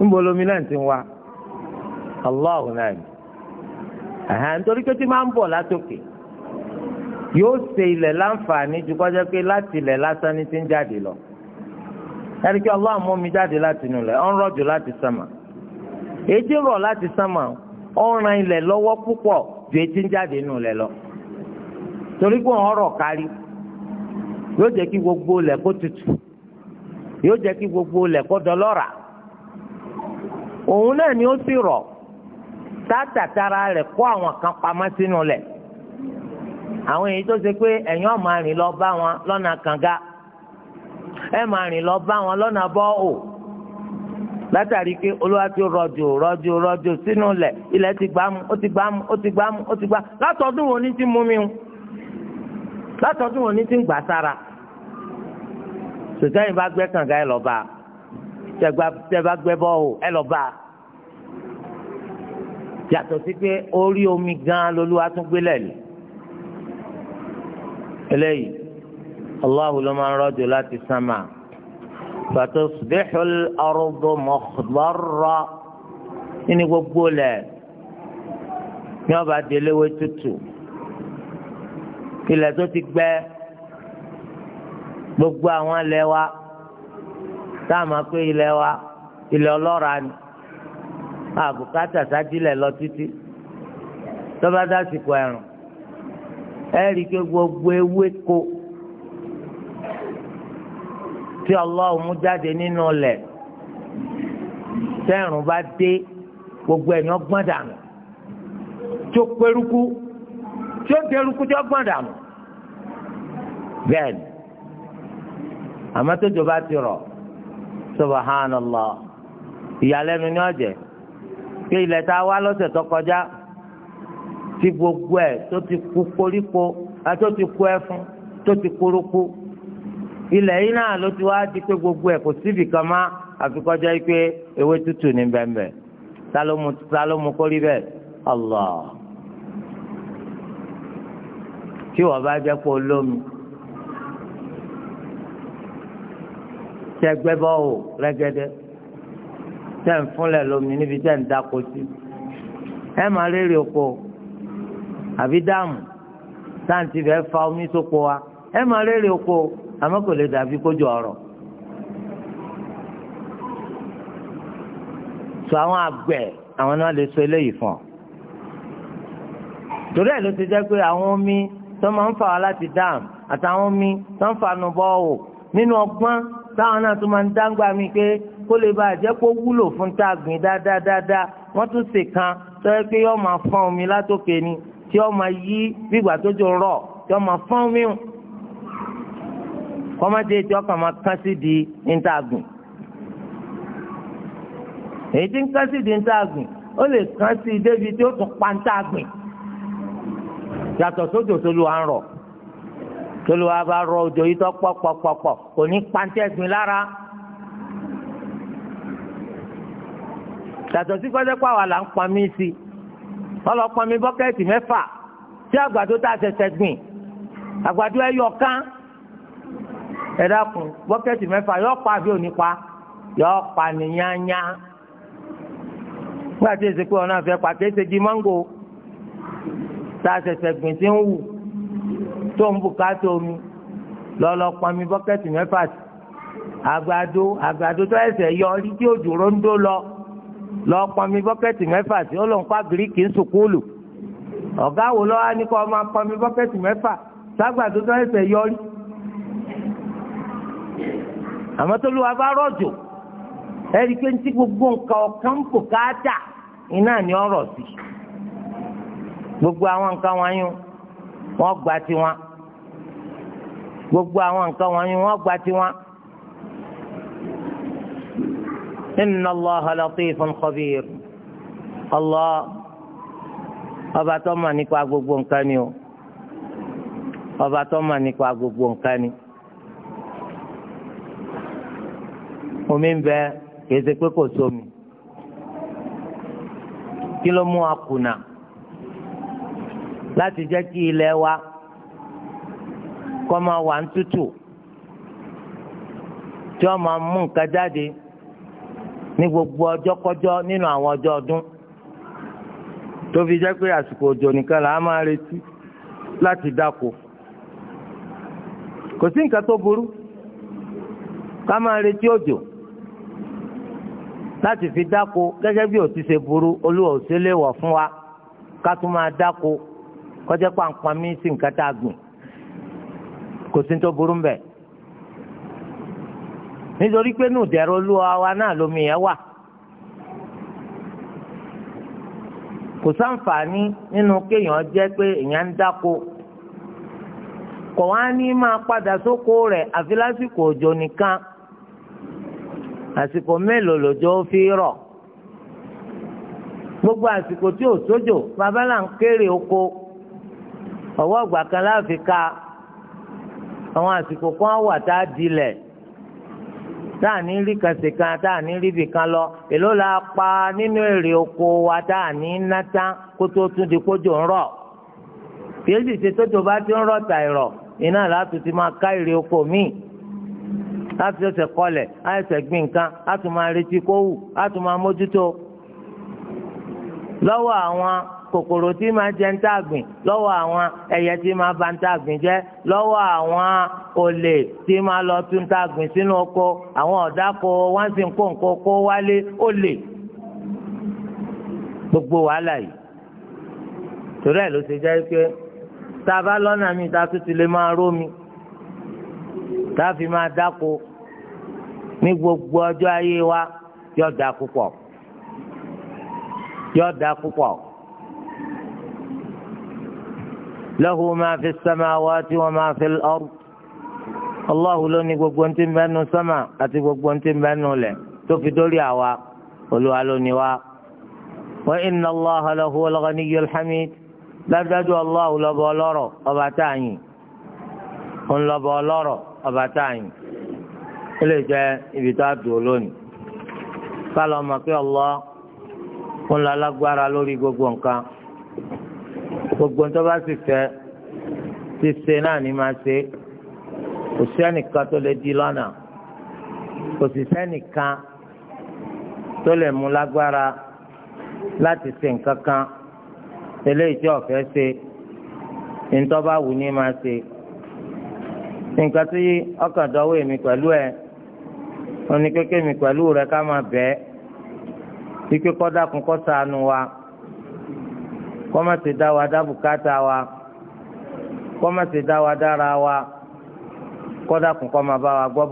ń bolo omi náà ti ń wá nítorí pé tí máa ń bọ̀ látòkè yóò ṣe ilẹ̀ láǹfààní ju kọjá pé láti ilẹ̀ lásán ní ti lọ ẹni pé mi jáde láti inú ilẹ̀ ó rọ̀jò láti sánmà ètí rọ̀ láti sánmà ó ran ilẹ̀ lọ́wọ́ púpọ̀ ju ètí ń jáde inú ilẹ̀ lọ torí pé òun yóò jẹ́ gbogbo ilẹ̀ kó tutù yóò gbogbo ilẹ̀ kó òun náà ni ó sì tátàtàrà rẹ̀ kó àwọn kan pamọ́ sínú lẹ̀ àwọn èyí tó ṣe pé ẹ̀yin ọ̀ máa rìn lọ bá wọn lọ́nà kànga ẹ máa rìn lọ bá wọn lọ́nà bọ́ọ̀ látàrí pé olúwa ti rọ̀jò rọ̀jò rọ̀jò sínú lẹ̀ ilẹ̀ ti gbámu ó ti gbámu ó ti gbámu ó ti gbá látọ̀dún wo ni ti mú mi o látọ̀dún wo ni ti ń gbà sára sòtẹ́yìn bá gbẹ́ kànga ẹ lọ bá bá gbẹ́ bọ́ọ̀ ẹ lọ bá yàtọ̀ sí pé orí omi gan lolúwa tún gbé lẹ̀ lé eléyìí Allahu ló máa ń rọ̀jò láti sánmà fatusbihul ardu mukhdarra nínú gbogbo lẹ̀ ní ọba déléwé tútù ilẹ̀ tó ti gbẹ gbogbo àwọn ilẹ̀ wa táà máa ilẹ̀ wa ilẹ̀ ọlọ́ra ni. àbùkátà sájílẹ̀ lọ títí tọ́ba dásìkò ẹ̀rùn ẹ rí i pé gbogbo tí ọlọ́run mú jáde nínú ọlẹ̀ tẹ́rùn bá dé gbogbo ẹ̀ ní dànù tí ó pẹ́rùkú tí ó dẹrùkú tí ọgbọ́n dànù àmọ́ tó jọba ti rọ̀ subhanallah ìyàlẹ́nu ni ọ̀jẹ̀ ke ilẹ̀ tá a wá lọ́sẹ̀ tó kọjá ti gbogbo ẹ̀ tó ti kú koríko tó ti kú ẹfun tó ti kúrúkú ilẹ̀ yìí náà ló ti wá di pé gbogbo ẹ̀ kò síbì kan má àfi kọjá yìí pé ewé tútù ní bẹ́ẹ̀nbẹ́ẹ̀ kórí bẹ́ẹ̀ wọ́n bá tẹ̀ ń fúnlẹ̀ lómi níbi tẹ̀ ń dáko sí ẹ máa rere oko àbí dáàmù táǹtì bẹ́ẹ̀ fa omi sóko wa ẹ máa rere oko àmọ́ kò lè dàbí kójú ọ̀rọ̀. sọ àwọn àgbẹ̀ àwọn náà lè sọ eléyìí fún ọ. torí ẹ̀ ló ti jẹ́ pé àwọn omi tó máa ń fà wá láti dáàmù àtàwọn omi tó ń fà nù bọ́ọ̀wò nínú ọgbọ́n táwọn náà tó máa ń dáńgbà mí pé kó lè bá àjẹ́ kó fún tá a gbìn dáadáa dáadáa wọ́n tún ṣe kan tó yẹ pé yọ́ọ́ máa fọ́n omi látòkè ni tí yọ́ọ́ máa yí bígbà tó jọ rọ̀ tí máa fọ́n omi hùn tí ọkàn máa kán sí di gbìn èyí tí ń kán sí di lè kán sí débi tí ó tún pa gbìn yàtọ̀ sójò rọ òjò yìí tó pọ̀ pọ̀ pọ̀ kò ní pa yàtọ̀ sí pẹ́sẹ́pẹ́ àwa là ń pamí sí ọlọ́ pamí bọ́kẹ́ẹ̀tì mẹ́fà tí àgbàdo tá a ṣẹ̀ṣẹ̀ gbìn àgbàdo ẹ yọ kán ẹ dákun bọ́kẹ́ẹ̀tì mẹ́fà yọ pa àbí òní pa yọ pa ní yányá nígbà tí èsì pé ọ̀nà àfẹ́ pàtẹ́ ṣe di máńgò tá a ṣẹ̀ṣẹ̀ gbìn tí ń wù tó ń bùkátà omi lọ́lọ́ pamí bọ́kẹ́ẹ̀tì mẹ́fà àgbàdo àgbàdo tó ẹ̀ṣẹ̀ yọ orí tí òjò ròǹdó lọ lọ pọnmi bọ́kẹ́tì mẹ́fà tí ó lọ ń pa gíríkì ń sùkúlù ọ̀gá wo lọ́wọ́ ní kó máa pọnmi bọ́kẹ́tì mẹ́fà ságbà tó tọ́ ẹsẹ̀ yọrí. àmọ́ tó lùwà bá rọ̀jò ẹ̀rí pé tí gbogbo nǹkan ọ̀kan kò káàtà iná ni ọ̀rọ̀ sí. gbogbo àwọn nǹkan wọ̀nyí wọ́n gba tiwọn. gbogbo àwọn nǹkan wọ̀nyí wọ́n gba tiwọn. إن الله لطيف خبير الله ọba tó mọ̀ nípa gbogbo o ọba tó mọ̀ nípa gbogbo nǹkan ni omi ń bẹ kìí ṣe pé kò sómi kí ló mú wa kùnà láti jẹ́ kí ilẹ̀ wa kó máa wà ń tí wọ́n máa ní gbogbo ọjọ́ kọjọ́ nínú àwọn ọjọ́ ọdún tó fi jẹ́ pé àsìkò òjò nìkan là á máa retí láti dáko kò sí nǹkan tó burú ká máa retí òjò láti fi dáko gẹ́gẹ́ bí oti se ṣe burú olúwa ò ṣe léèwọ̀ fún wa ká tún máa dáko kọjá pàǹpàmí sí nǹkan tá a gbìn kò sí tó burú mbẹ́ẹ̀. nítorí pé nù dẹ̀rọ olúwa wa náà lomi yẹn wà kò sáǹfààní nínú kéèyàn jẹ́ pé èèyàn ń dáko kò wá ní máa padà sóko rẹ̀ àfi lásìkò òjò nìkan àsìkò mélòó lòjò fi rọ̀ gbogbo àsìkò tí ò sójò babalà ń kéré oko ọwọ́ ọgbà kan láàfin ka àwọn àsìkò kan wà tá a dilẹ̀ tá à ní rí kan ṣèkan ní rí bìkan lọ èló la pa nínú èrè oko wa tá à ní ná tán kó tó tún di kójò ń rọ̀ kìí sì ṣe tó tó bá ti ń rọ̀ tà ìrọ̀ iná láti ti máa ká èrè oko míì láti ṣẹ̀ṣẹ̀ kọlẹ̀ àìsẹ̀ gbìn nǹkan á tún máa retí kó wù á tún máa mójútó lọ́wọ́ àwọn kòkòrò tí máa jẹ ń tàgbìn lọ́wọ́ àwọn ẹyẹ tí máa bà ń tàgbìn jẹ́ lọ́wọ́ àwọn olè tí máa lọ tún tàgbìn sínú oko àwọn ọ̀dà kó wọ́n sì ń kó nǹkan kó wálé olè gbogbo wàhálà yìí torí ẹ̀ ló ṣe jẹ́ pé tá a bá lọ́nà mi ta tún ti lè máa rómi tá a fi máa dáko ní gbogbo ọjọ́ ayé wa yóò púpọ̀ yóò púpọ̀ lahu ma fi samawati wa ma fi al-ard Allahu ló ní gbogbo ntí bẹ́ẹ̀ nu sánmà àti gbogbo ntí bẹ́ẹ̀ nu lẹ̀ tó fi dórí àwa Olúwa ló ní wa. wa inna Allaha lahu al-ghaniyyul hamid dájúdájú Allahu lọ́bọ̀ ọlọ́rọ̀ ọba tá a yìn ń lọ́bọ̀ ọlọ́rọ̀ ọba tá a yìn ó lè jẹ́ ibi tó a dùn lónìí. kálọ̀ mọ̀ pé Allah ń lọ alágbára lórí gbogbo nǹkan gbogbo nítorí bá sì fẹ́ ti ṣe náà ni máa ṣe kò sí ẹnìkan tó lè di lọ́nà kò sì sẹ́nìkan tó lè mú lágbára láti ṣe nǹkan kan eléyìí tí ọ̀fẹ́ ṣe nítorí bá wù ní máa ṣe nǹkan tí ọkàn dọ́wọ́ èmi pẹ̀lú ẹ̀ oníkékèmí pẹ̀lú rẹ̀ ká máa bẹ́ẹ̀ ikú kọ́ kọ́ ṣàánú wa. kọ́má ṣe dá wa dá bùkátà wa kọ́má ṣe dá wa dára wa kọ́dàkùn kọ́má bá wa gbọ́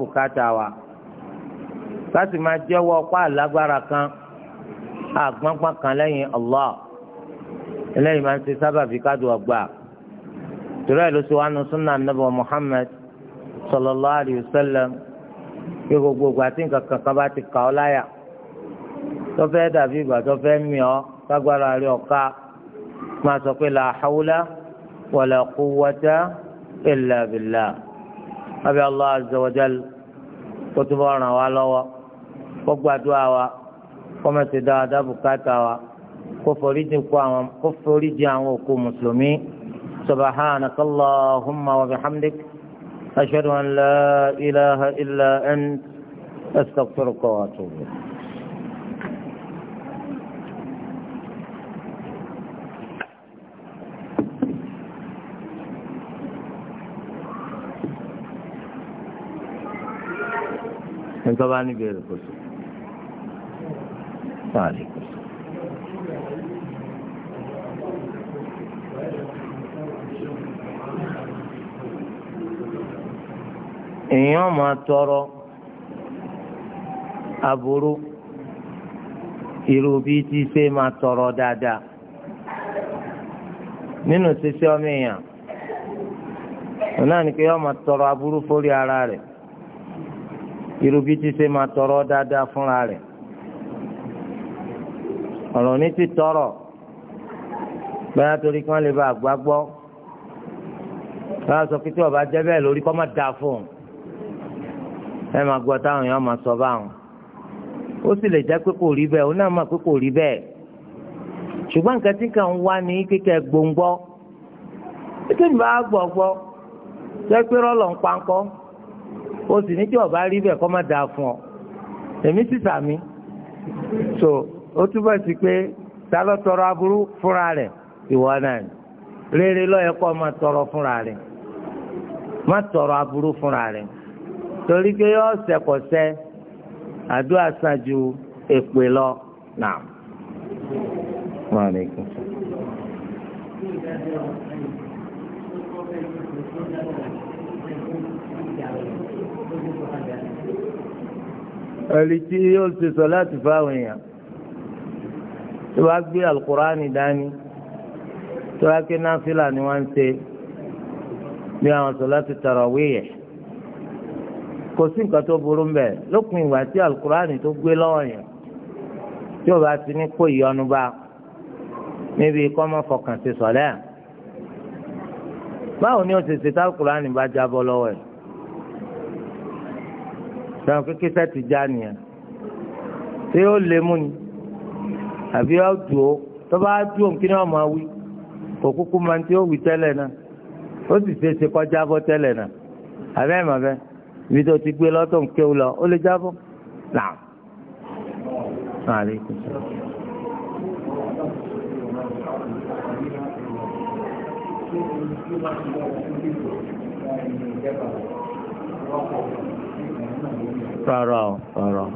wa máa kan àgbọ̀ngbọ̀n kan lẹ́yìn Allah eléyìí máa ń ṣe kádùn ọgbà torí ẹ̀ ló ṣe súnà Muhammad sallallahu wa kí gbogbo tí nǹkan kankan bá ti kà ọ́ láyà tó fẹ́ dàbí ìgbà tó fẹ́ máa sọ pé la hawla wala quwwata illa billah abi allah azza wa jal kó tó bá ràn wá lọ́wọ́ kó gbàdúrà wa kó má ṣe dáadáa bùkátà wa kó foríjì kó àwọn kó foríjì àwọn òkú mùsùlùmí subhanaka allahumma wa bihamdik ashhadu an la ilaha illa ant astaghfiruka wa atubu nítorí bá níbi èrè kò sí. èèyàn máa tọrọ aburú irú bí tí ṣe máa tọrọ dáadáa nínú ṣíṣe ọmọ èèyàn òun náà ni pé yọọ máa tọrọ aburú fórí ara rẹ̀ irú bí ti ṣe máa tọrọ dáadáa fúnra rẹ̀ ọ̀rọ̀ ní ti tọrọ báyà torí kí wọ́n lè bá àgbá gbọ́ báyà sọ pé tí ọba jẹ́ bẹ́ẹ̀ lórí kọ́ máa dáa fún un ẹ máa gbọ́ táwọn èèyàn máa sọ báwọn ó sì lè jẹ́ pé kò rí bẹ́ẹ̀ ó náà máa pé kò rí bẹ́ẹ̀ ṣùgbọ́n nǹkan tí kàn ń wá ní kíkẹ́ gbòǹgbọ́ títí nígbà gbọ̀gbọ́ jẹ́ pé rọ́lọ̀ ń pa ńkọ́. o sì ní ọba rí bẹ́ẹ̀ kọ́ má fún ọ èmi sì so ó túbọ̀ sí pé ta ló tọrọ aburú fúnra rẹ̀ ìwọ náà ni rere ló yẹ má tọrọ fúnra rẹ̀ má tọrọ aburú fúnra rẹ̀ torí pé yọ ọ̀sẹ̀kọ̀sẹ̀ àdúrà ju ẹ̀rí tí yóò ṣe sọ láti fáwọn èèyàn tó bá gbé alukurani dání tó bá ké náfìlà ni wọ́n ń ṣe bí àwọn sọ láti tarawih kò sí nǹkan tó burú mbẹ lópin ìgbà tí alukurani tó gbé lọ́wọ́ yẹn tí o bá ti ní kó ìyọnu bá níbi kọ́ mọ́ fọkàn ṣe sọ̀lẹ́ báwo ni o ṣe ṣe tá alukurani bá jábọ́ lọ́wọ́ yẹn sàn kékeré sẹ́ẹ̀tì já nìyẹn ṣé ó lè mú ni àbí ó dùn ó tó bá dùn òun kí ni wọ́n máa wí kò kúkú máa ń tí ó wí tẹ́lẹ̀ náà ó sì ṣe é ṣe kọjá bọ́ tẹ́lẹ̀ náà àbẹ́ ẹ̀ mọ̀ ibi tó ti gbé lọ́tọ̀ ń kéwù lọ ó lè jábọ̀ náà. Aleykum Thank you rárá o rárá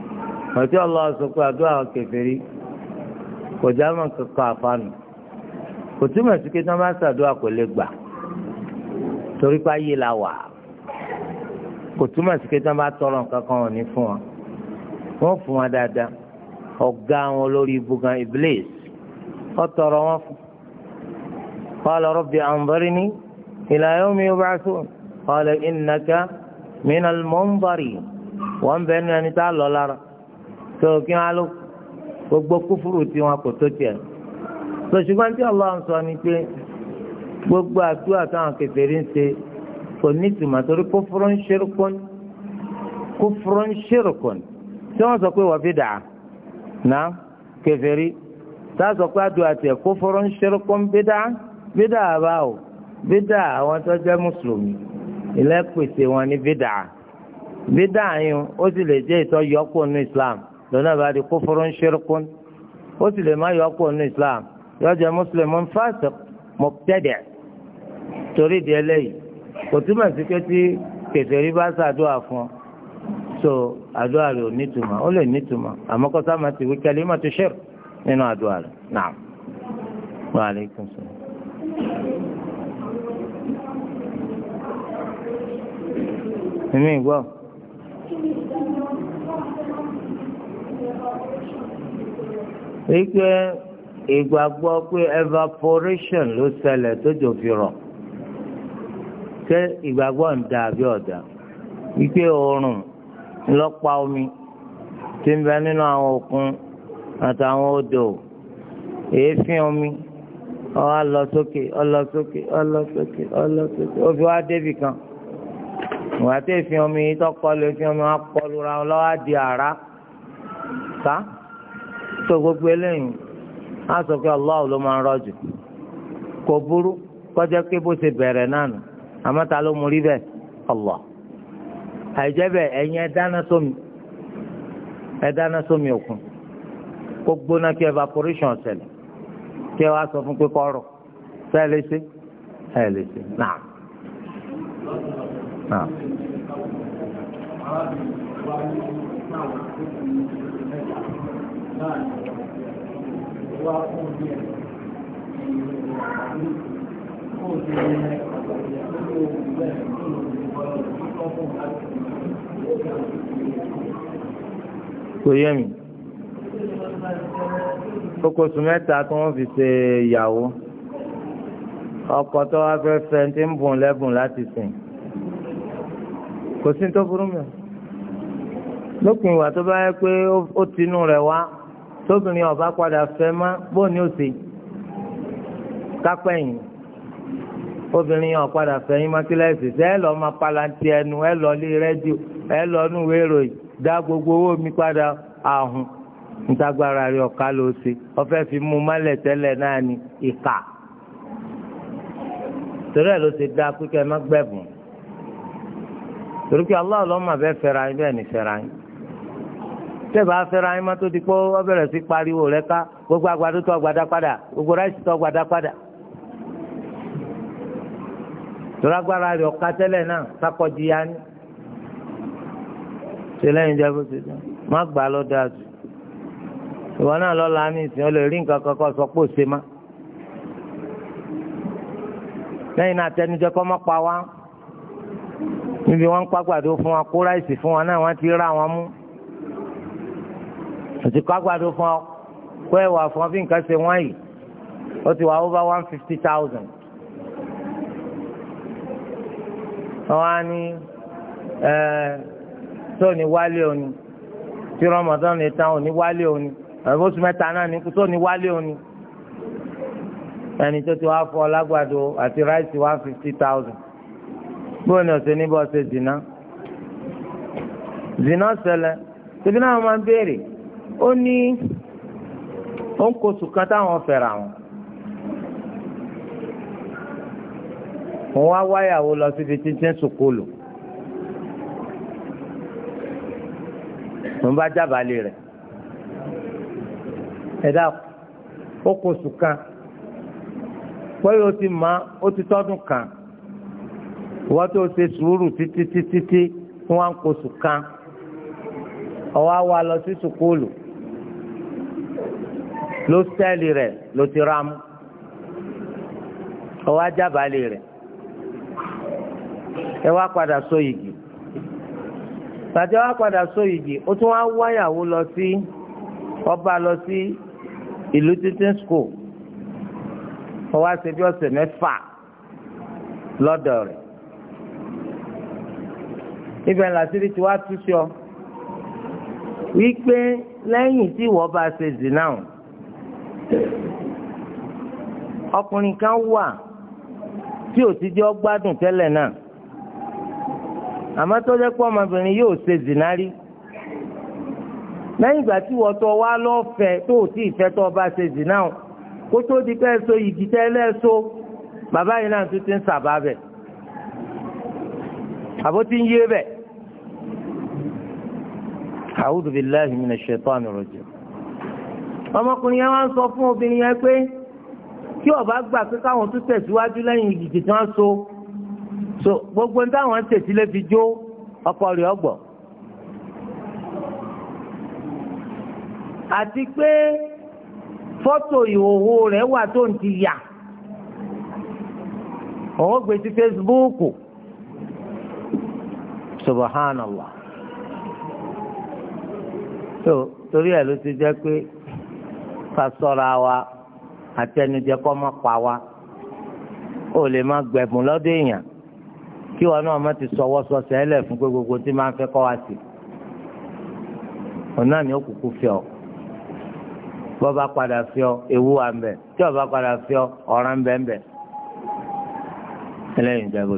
o àti Allah sọ pé àdúrà àwọn kèfèrí kò já mọ́ kankan àfààní kò túmọ̀ sí pé tí wọ́n bá ṣàdúrà kò lè gbà torí pé ayé la wà kò túmọ̀ sí pé tí wọ́n bá tọrọ nǹkan ò ní fún wọn wọ́n fún wọn dáadáa ọ̀gá wọn lórí ibùgàn iblis wọ́n tọrọ wọn fún qala rabbi anzirni ila yawmi yub'athun qala innaka minal munzirin wọ́n bẹ ní ẹni tá a lọ lára tó kí wọ́n á ló gbogbo kúfúrú tí wọn kò tó tiẹ̀. sọ ṣùgbọ́n tí ọlọ́run sọ ni pé gbogbo àdúrà táwọn kèfèrí ń ṣe kò ní ìtumọ̀ torí kúfúrú ń ṣerúkún kúfúrú ń ṣerúkún tí wọ́n sọ pé wọ́n fi dà ná kèfèrí tá a sọ pé àdúrà tiẹ̀ kúfúrú ń ṣerúkún bídà bídà báwo bídà àwọn tó jẹ́ mùsùlùmí ilẹ̀ pèsè wọn ní bídà bídà yín ó sì lè jẹ́ ìtọ́ yọkù nínú islam lọ́nà bá di kufrun shirkun ó sì lè má yọkù nínú islam yọjọ mùsùlùmí fásitì mọ̀tẹ́dẹ̀ torí di eléyìí kò túmọ̀ sí pé tí kèfèrí bá ṣàdúrà fún ọ so àdúrà rẹ ò nítumọ̀ ó lè nítumọ̀ àmọ́ kọ́sá máa ti wí kẹ́lẹ́ máa ti ṣẹ́r nínú àdúrà rẹ náà wà á lè kún sí wípé ìgbàgbọ́ pé evaporation ló ṣẹlẹ̀ tó jò fi rọ̀ ṣé ìgbàgbọ́ ń da àbí ọ̀dà wípé oòrùn lọ́pa omi tí ń bẹ nínú àwọn òkun àtàwọn odò èéfín omi ó wá lọ sókè ó lọ sókè ó lọ sókè ó lọ sókè ó fi wá débì kan ìwà tẹ fi omi tọkọlu fi omi wọn kọlu ra wọn lọ́wọ́ di ara ká tó gbogbo eléyìí á sọ pé Allah ló máa ń rọ̀jò kò burú kọjá pé bó ṣe bẹ̀rẹ̀ náà nù àmọ́ ta ló mú rí bẹ́ẹ̀ Allah àìjẹ́ bẹ́ẹ̀ ẹ̀yin ẹ dáná sómi ẹ dáná sómi òkun kó gbóná kí evaporation ṣẹlẹ̀ kí ẹ wá sọ fún pé kọ́ sẹ́ẹ̀ lè ṣe ẹ̀ lè ṣe náà kò yé mi okoṣù mẹ́ta tí wọ́n fi ṣe ìyàwó ọkọ tó wá fẹ́ fẹ́ ti ń bùn lẹ́bùn láti sìn. kò sí tó burú mi lópin ìwà tó bá yẹ pé ó tinú wá tóbìnrin ọba padà fẹ́ mọ́ bóun ni ó sì kápẹ́yìn obìnrin ọ̀padà fẹ̀yìn ẹ lọ palanti ẹ lọ ẹ lọ dá gbogbo owó mi padà ntagbara rẹ ọ̀ka ló ṣe ọfẹ́ fi mú mọ́lẹ̀ tẹ́lẹ̀ náà ní ìkà torí ẹ̀ ló ṣe dá torí pé aláwọ̀ lọ́mọ abẹ́ fẹ́ra yín bẹ́ẹ̀ ni yín yín má tó di sí pariwo rẹ gbogbo tó gbogbo ráìsì tó padà rẹ ọ̀ka tẹ́lẹ̀ náà ya ni bó ti má gbà á ìwọ náà ní ìsìn rí nǹkan kankan sọ pé ó ṣe má níbi wọ́n ń fún wa kó ráìsì fún wa náà wọ́n ti rà wọ́n mú òtí pàgbàdo fún wa kó ẹ̀wà fún wa bí nǹkan ṣe wọ́n yìí ó ti wà over one fifty thousand. wọ́n á ní tó ní wálé òní tí rọmọdán lè tán òní wálé òní àbóṣù mẹ́ta náà ní tó ní wálé òní ẹni tó ti wá fọ lágbàdo àti ráìsì one fifty thousand bó ni ọ̀sẹ̀ níbọ̀ ṣe zina zina ṣẹlẹ̀ ṣẹbi náà máa ń béèrè ó ní ó ń kó sùkán táwọn fẹ̀rẹ̀ àwọn. òun wá wáyàwó lọ síbi títí sùkúlù òun bá jábàálẹ̀ rẹ̀ ẹ̀dá ó kó sùkán pé ó ti máa ó ti tọ́dún kan. wọ́n tó ṣe sùúrù títí títí tí wọ́n kan ọwọ́ á wá lọ sí sùkúlù ló sẹ́ẹ̀lì rẹ̀ ló ti ra mú ọwọ́ ajábàálẹ̀ rẹ̀ ẹ wá padà so igi tàbí wá padà so igi ó tún wá wáyàwó lọ sí ọba lọ sí ìlú títí school ọwọ́ mẹ́fà lọ́dọ̀ rẹ̀ ibẹ̀ làṣírí tí wàá túṣe ọ wípé lẹ́yìn tí ìwọ bá ṣe zina o ọkùnrin kan wà tí ò ti jẹ́ ọgbádùn tẹ́lẹ̀ náà àmọ́ tó jẹ́ pé ọmọbìnrin yóò ṣe zina rí lẹ́yìn ìgbà tí ìwọ tó wá lọ́fẹ̀ẹ́ tó ò tí tó ọba ṣe zina o kó tó di pẹ́ so igi tẹ́lẹ̀ so bàbá yìí náà tún ti ń sàbà bẹ̀ àbó ti ń yé bẹ̀ a'udhu billahi minash shaitani rajim. ọmọkùnrin yẹn wá ń sọ fún obìnrin yẹn pé tí ó bá gbà pé káwọn tún tẹ̀síwájú lẹ́yìn ìgìgì tí wọ́n so so gbogbo ní táwọn ń tètè lé fi jó ọkọ rẹ̀ ọgbọ̀. àti pé fọ́tò ìhòòhò rẹ̀ wà tó ń ti yà òun gbé sí fesibúùkù subhanallah tó torí ẹ̀ ló ti jẹ́ pé fasọ́ra wa àtẹnujẹ kọ́ má pa wa ó lè má gbẹ̀bùn lọ́dọ̀ èèyàn kí wọn náà má ti sọwọ́ sọ fún pé gbogbo tí máa ń fẹ́ wa sí òun náà ni ó kúkú fi ọ bọ́ bá padà fi ewu wa ń tí padà fi ọ ọ̀ràn ń ń ẹlẹ́yìn ìjẹ́ bó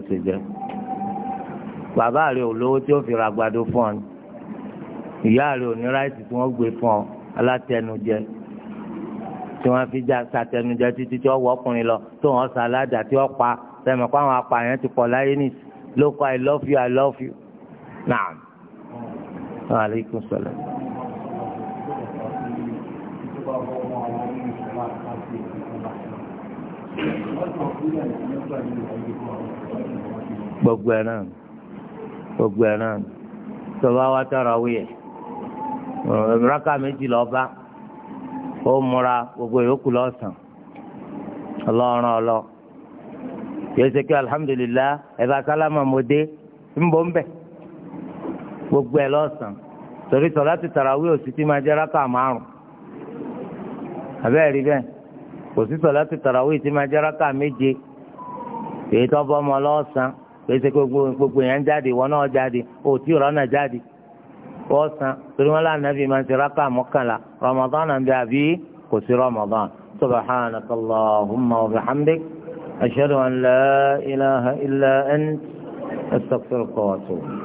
jẹ́ ìyá rẹ ò ní ráìsì tí wọ́n gbé fún ọ alátẹnujẹ tí wọ́n fi já sàtẹnujẹ títí tí wọ́n wọ ọkùnrin lọ tó wọ́n sá aládàá tí wọ́n pa sẹ́mi kó àwọn apààyàn ti pọ̀ láyé ní ló i love you i love you naam aleykum salaam. gbogbo ẹ̀ náà gbogbo ẹ̀ náà tọ́ba wa tàràwíyẹ̀. rákà méjì lọ́ba ó múra gbogbo yòókù lọ́sàn ọlọ́run ọlọ́ yóò kí alhamdulilah ẹ sálámà mo ń ń bẹ̀ gbogbo lọ́sàn torí láti òsì tí máa jẹ́ rákà márùn rí bẹ́ẹ̀ òsì láti tí máa jẹ́ rákà méje èyí tó bọ́ ọmọ lọ́sàn gbogbo yẹn jáde ìwọ náà jáde òtí náà jáde wọ́sàn torí wọn láàánú nàbí máa ń ṣe rákà mọ́kànlá rọmọdán náà ń bẹ àbí kò sí rọmọdán subhanaka allahumma wa bihamdik ashhadu an la ilaha illa ant astaghfiruka wa atubu.